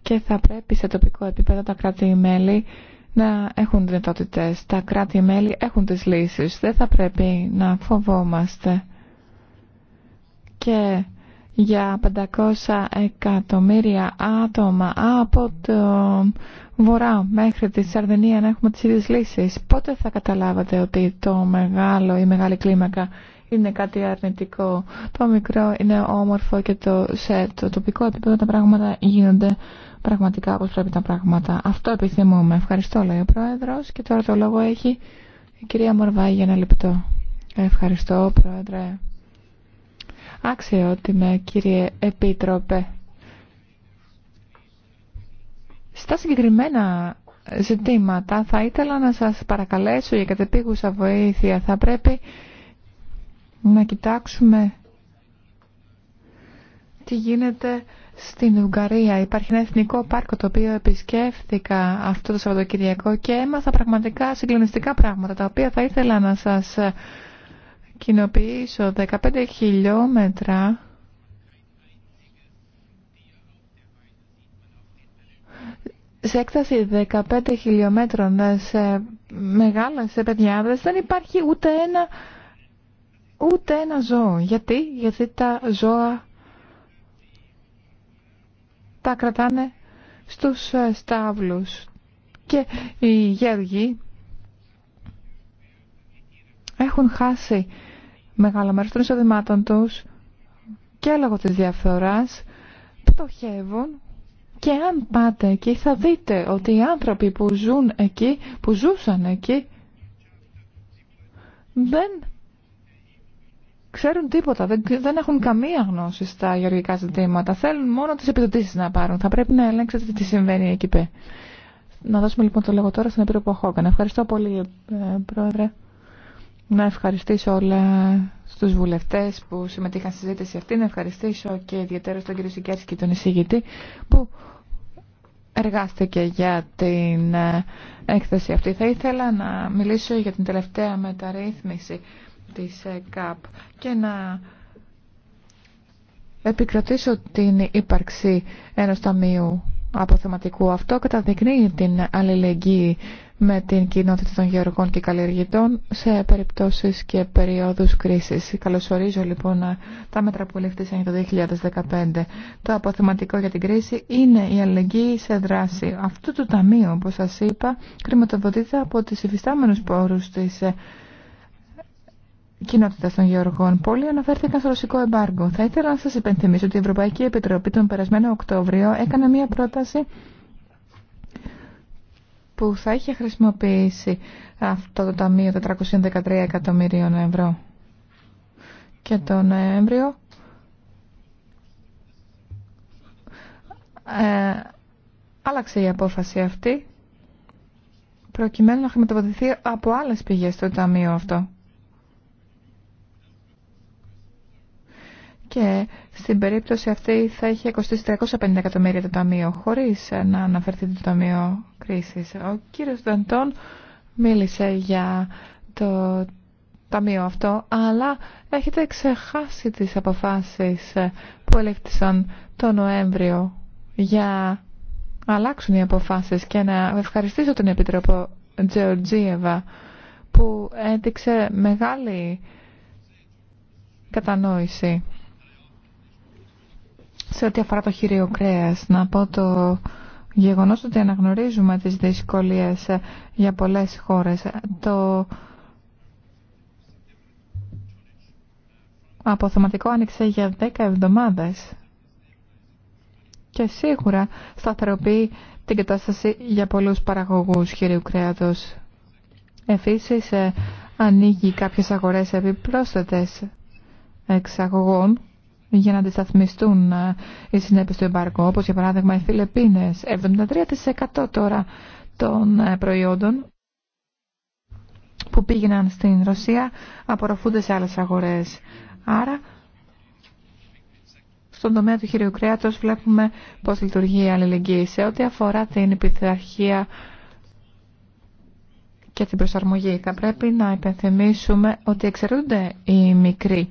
και θα πρέπει σε τοπικό επίπεδο τα κράτη-μέλη να έχουν δυνατότητε. Τα κράτη-μέλη έχουν τις λύσεις. Δεν θα πρέπει να φοβόμαστε. Και για 500 εκατομμύρια άτομα από το βορρά μέχρι τη Σαρδενία να έχουμε τις ίδιες λύσεις. Πότε θα καταλάβατε ότι το μεγάλο ή μεγάλη κλίμακα είναι κάτι αρνητικό. Το μικρό είναι όμορφο και το, σε το τοπικό επίπεδο τα πράγματα γίνονται πραγματικά όπως πρέπει τα πράγματα. Αυτό επιθυμούμε. Ευχαριστώ, λέει ο Πρόεδρος. Και τώρα το λόγο έχει η κυρία Μορβάη για ένα λεπτό. Ευχαριστώ, Πρόεδρε. Άξιο ότι με κύριε Επίτροπε. Στα συγκεκριμένα ζητήματα θα ήθελα να σας παρακαλέσω για κατεπίγουσα βοήθεια. Θα πρέπει να κοιτάξουμε τι γίνεται στην Ουγγαρία. Υπάρχει ένα εθνικό πάρκο το οποίο επισκέφθηκα αυτό το Σαββατοκυριακό και έμαθα πραγματικά συγκλονιστικά πράγματα τα οποία θα ήθελα να σας κοινοποιήσω. 15 χιλιόμετρα σε έκταση 15 χιλιόμετρων σε μεγάλες σε παιδιάδες δεν υπάρχει ούτε ένα ούτε ένα ζώο. Γιατί, γιατί τα ζώα τα κρατάνε στους ε, σταύλους. και οι γέργοι έχουν χάσει μεγάλο μέρος των εισοδημάτων τους και λόγω της διαφθοράς πτωχεύουν και αν πάτε εκεί θα δείτε ότι οι άνθρωποι που ζουν εκεί, που ζούσαν εκεί δεν ξέρουν τίποτα, δεν, δεν έχουν καμία γνώση στα γεωργικά ζητήματα. Θέλουν μόνο τι επιδοτήσει να πάρουν. Θα πρέπει να ελέγξετε τι συμβαίνει εκεί πέρα. Να δώσουμε λοιπόν το λόγο τώρα στον Επίτροπο Χόγκαν. Ευχαριστώ πολύ, ε, Πρόεδρε. Να ευχαριστήσω όλα τους βουλευτές που συμμετείχαν στη συζήτηση αυτή. Να ευχαριστήσω και ιδιαίτερα τον κύριο Σικέρσκη τον εισηγητή που εργάστηκε για την ε, έκθεση αυτή. Θα ήθελα να μιλήσω για την τελευταία μεταρρύθμιση της ε, ΚΑΠ και να επικρατήσω την ύπαρξη ενός ταμείου αποθεματικού. Αυτό καταδεικνύει την αλληλεγγύη με την κοινότητα των γεωργών και καλλιεργητών σε περιπτώσεις και περιόδους κρίσης. Καλωσορίζω λοιπόν τα μέτρα που λήφθησαν το 2015. Το αποθεματικό για την κρίση είναι η αλληλεγγύη σε δράση. Αυτό του ταμείου, όπως σας είπα, κρηματοδοτείται από τις υφιστάμενους πόρους της ε, κοινότητα των Γεωργών. Πολλοί αναφέρθηκαν στο ρωσικό εμπάργκο. Θα ήθελα να σα υπενθυμίσω ότι η Ευρωπαϊκή Επιτροπή τον περασμένο Οκτώβριο έκανε μία πρόταση που θα είχε χρησιμοποιήσει αυτό το ταμείο 413 εκατομμυρίων ευρώ. Και τον Νοέμβριο ε, άλλαξε η απόφαση αυτή προκειμένου να χρηματοδοτηθεί από άλλες πηγές το ταμείο αυτό. και στην περίπτωση αυτή θα είχε κοστίσει 350 εκατομμύρια το Ταμείο, χωρίς να αναφερθεί το Ταμείο Κρίσης. Ο κύριος Δαντών μίλησε για το Ταμείο αυτό, αλλά έχετε ξεχάσει τις αποφάσεις που ελήφθησαν το Νοέμβριο για να αλλάξουν οι αποφάσεις και να ευχαριστήσω τον Επίτροπο Τζεωτζίεβα που έδειξε μεγάλη κατανόηση σε ό,τι αφορά το χειρίο Κρέα. να πω το γεγονός ότι αναγνωρίζουμε τις δυσκολίε για πολλές χώρες. Το αποθεματικό άνοιξε για 10 εβδομάδε και σίγουρα σταθεροποιεί την κατάσταση για πολλούς παραγωγού χειρίου κρέατο. Επίση ε, ανοίγει κάποιε αγορέ πρόσθετες εξαγωγών για να αντισταθμιστούν ε, οι συνέπειε του εμπάρκου, όπως για παράδειγμα οι Φιλεπίνε, 73% τώρα των ε, προϊόντων που πήγαιναν στην Ρωσία απορροφούνται σε άλλε αγορέ. Άρα, στον τομέα του χειριοκρέατος βλέπουμε πώς λειτουργεί η αλληλεγγύη σε ό,τι αφορά την επιθεαρχία και την προσαρμογή. Θα πρέπει να υπενθυμίσουμε ότι εξαιρούνται οι μικροί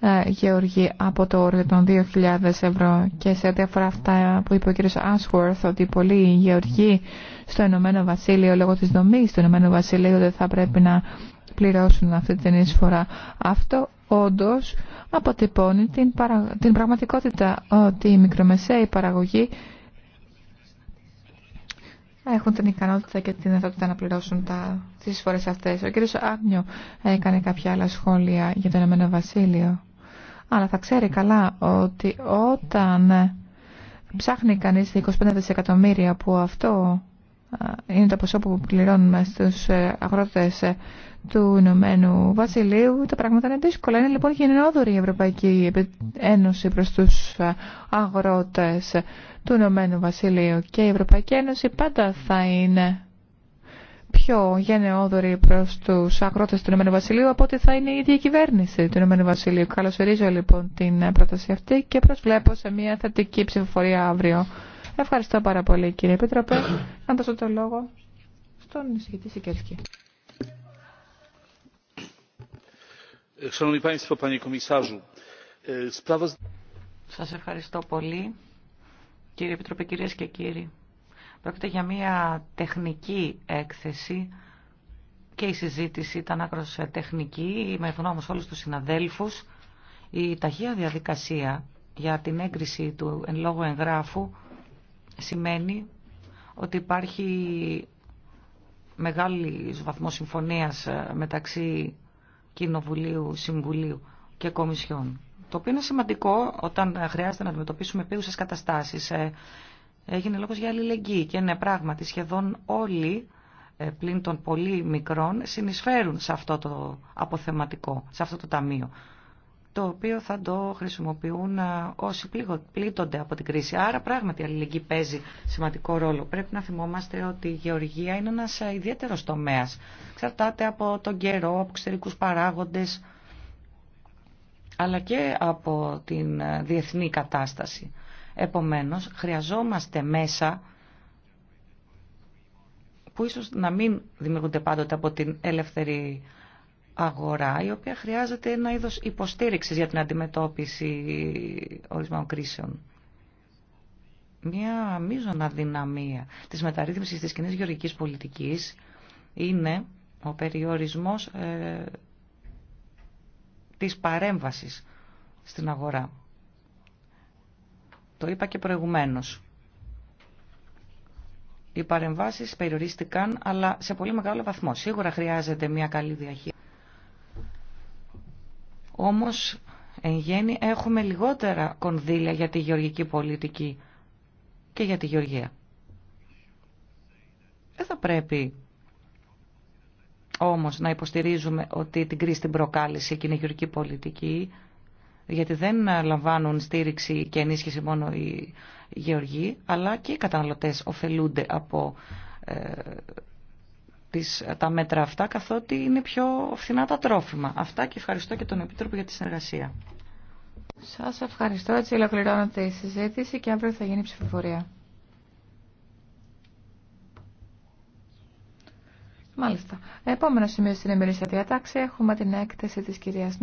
ε, γεωργοί από το όριο των 2.000 ευρώ και σε ό,τι αφορά αυτά που είπε ο κ. Άσχουερθ ότι πολλοί γεωργοί στο Ηνωμένο Βασίλειο λόγω της δομής του Ηνωμένου Βασιλείου δεν θα πρέπει να πληρώσουν αυτή την εισφορά. Αυτό όντω αποτυπώνει την, την πραγματικότητα ότι οι μικρομεσαίοι παραγωγοί έχουν την ικανότητα και την δυνατότητα να πληρώσουν τα, τις φορές αυτές. Ο κύριος Άγνιο έκανε κάποια άλλα σχόλια για το Ενωμένο Βασίλειο αλλά θα ξέρει καλά ότι όταν ψάχνει κανείς 25 δισεκατομμύρια που αυτό είναι το ποσό που πληρώνουμε στους ε, αγρότες ε, του Ηνωμένου Βασιλείου, τα πράγματα είναι δύσκολα. Είναι λοιπόν γενναιόδορη η Ευρωπαϊκή Ένωση προς τους ε, αγρότες του Ηνωμένου Βασιλείου και η Ευρωπαϊκή Ένωση πάντα θα είναι πιο γενναιόδοροι προς του Αγρότε του Ηνωμένου Βασιλείου από ότι θα είναι η ίδια η κυβέρνηση του Ηνωμένου Βασιλείου. Καλωσορίζω λοιπόν την πρόταση αυτή και προσβλέπω σε μια θετική ψηφοφορία αύριο. Ευχαριστώ πάρα πολύ κύριε Επίτροπε. Να δώσω το λόγο στον εισηγητή Σικέρσκη. E, Σας ευχαριστώ πολύ κύριε Επιτροπέ, κυρίε και κύριοι. Πρόκειται για μια τεχνική έκθεση και η συζήτηση ήταν άκρο τεχνική, με ευγνώμους όλους του συναδέλφους. Η ταχεία διαδικασία για την έγκριση του εν λόγω εγγράφου σημαίνει ότι υπάρχει μεγάλη βαθμό συμφωνίας ε, μεταξύ Κοινοβουλίου, Συμβουλίου και Κομισιών. Το οποίο είναι σημαντικό όταν χρειάζεται να αντιμετωπίσουμε επίγουσες καταστάσεις. Ε, έγινε λόγος για αλληλεγγύη και ναι πράγματι σχεδόν όλοι ε, πλην των πολύ μικρών συνεισφέρουν σε αυτό το αποθεματικό, σε αυτό το ταμείο το οποίο θα το χρησιμοποιούν ε, όσοι πλήττονται από την κρίση. Άρα πράγματι η αλληλεγγύη παίζει σημαντικό ρόλο. Πρέπει να θυμόμαστε ότι η γεωργία είναι ένας ε, ιδιαίτερος τομέας. Ξαρτάται από τον καιρό, από εξωτερικούς παράγοντες, αλλά και από την διεθνή κατάσταση. Επομένως, χρειαζόμαστε μέσα που ίσως να μην δημιουργούνται πάντοτε από την ελεύθερη αγορά, η οποία χρειάζεται ένα είδος υποστήριξης για την αντιμετώπιση ορισμένων κρίσεων. Μία μείζωνα δυναμία της μεταρρύθμισης της κοινή γεωργικής πολιτικής είναι ο περιορισμός ε, της παρέμβασης στην αγορά. Το είπα και προηγουμένως. Οι παρεμβάσεις περιορίστηκαν, αλλά σε πολύ μεγάλο βαθμό. Σίγουρα χρειάζεται μια καλή διαχείριση. Όμως, εν γέννη, έχουμε λιγότερα κονδύλια για τη γεωργική πολιτική και για τη γεωργία. Δεν θα πρέπει όμως να υποστηρίζουμε ότι την κρίση την προκάλεσε η γεωργική πολιτική γιατί δεν λαμβάνουν στήριξη και ενίσχυση μόνο οι γεωργοί, αλλά και οι καταναλωτές ωφελούνται από ε, τις, τα μέτρα αυτά, καθότι είναι πιο φθηνά τα τρόφιμα. Αυτά και ευχαριστώ και τον Επίτροπο για τη συνεργασία. Σας ευχαριστώ. Έτσι ολοκληρώνεται η συζήτηση και αύριο θα γίνει η ψηφοφορία. Μάλιστα. Επόμενο σημείο στην εμπειρία διατάξη έχουμε την έκθεση της κυρίας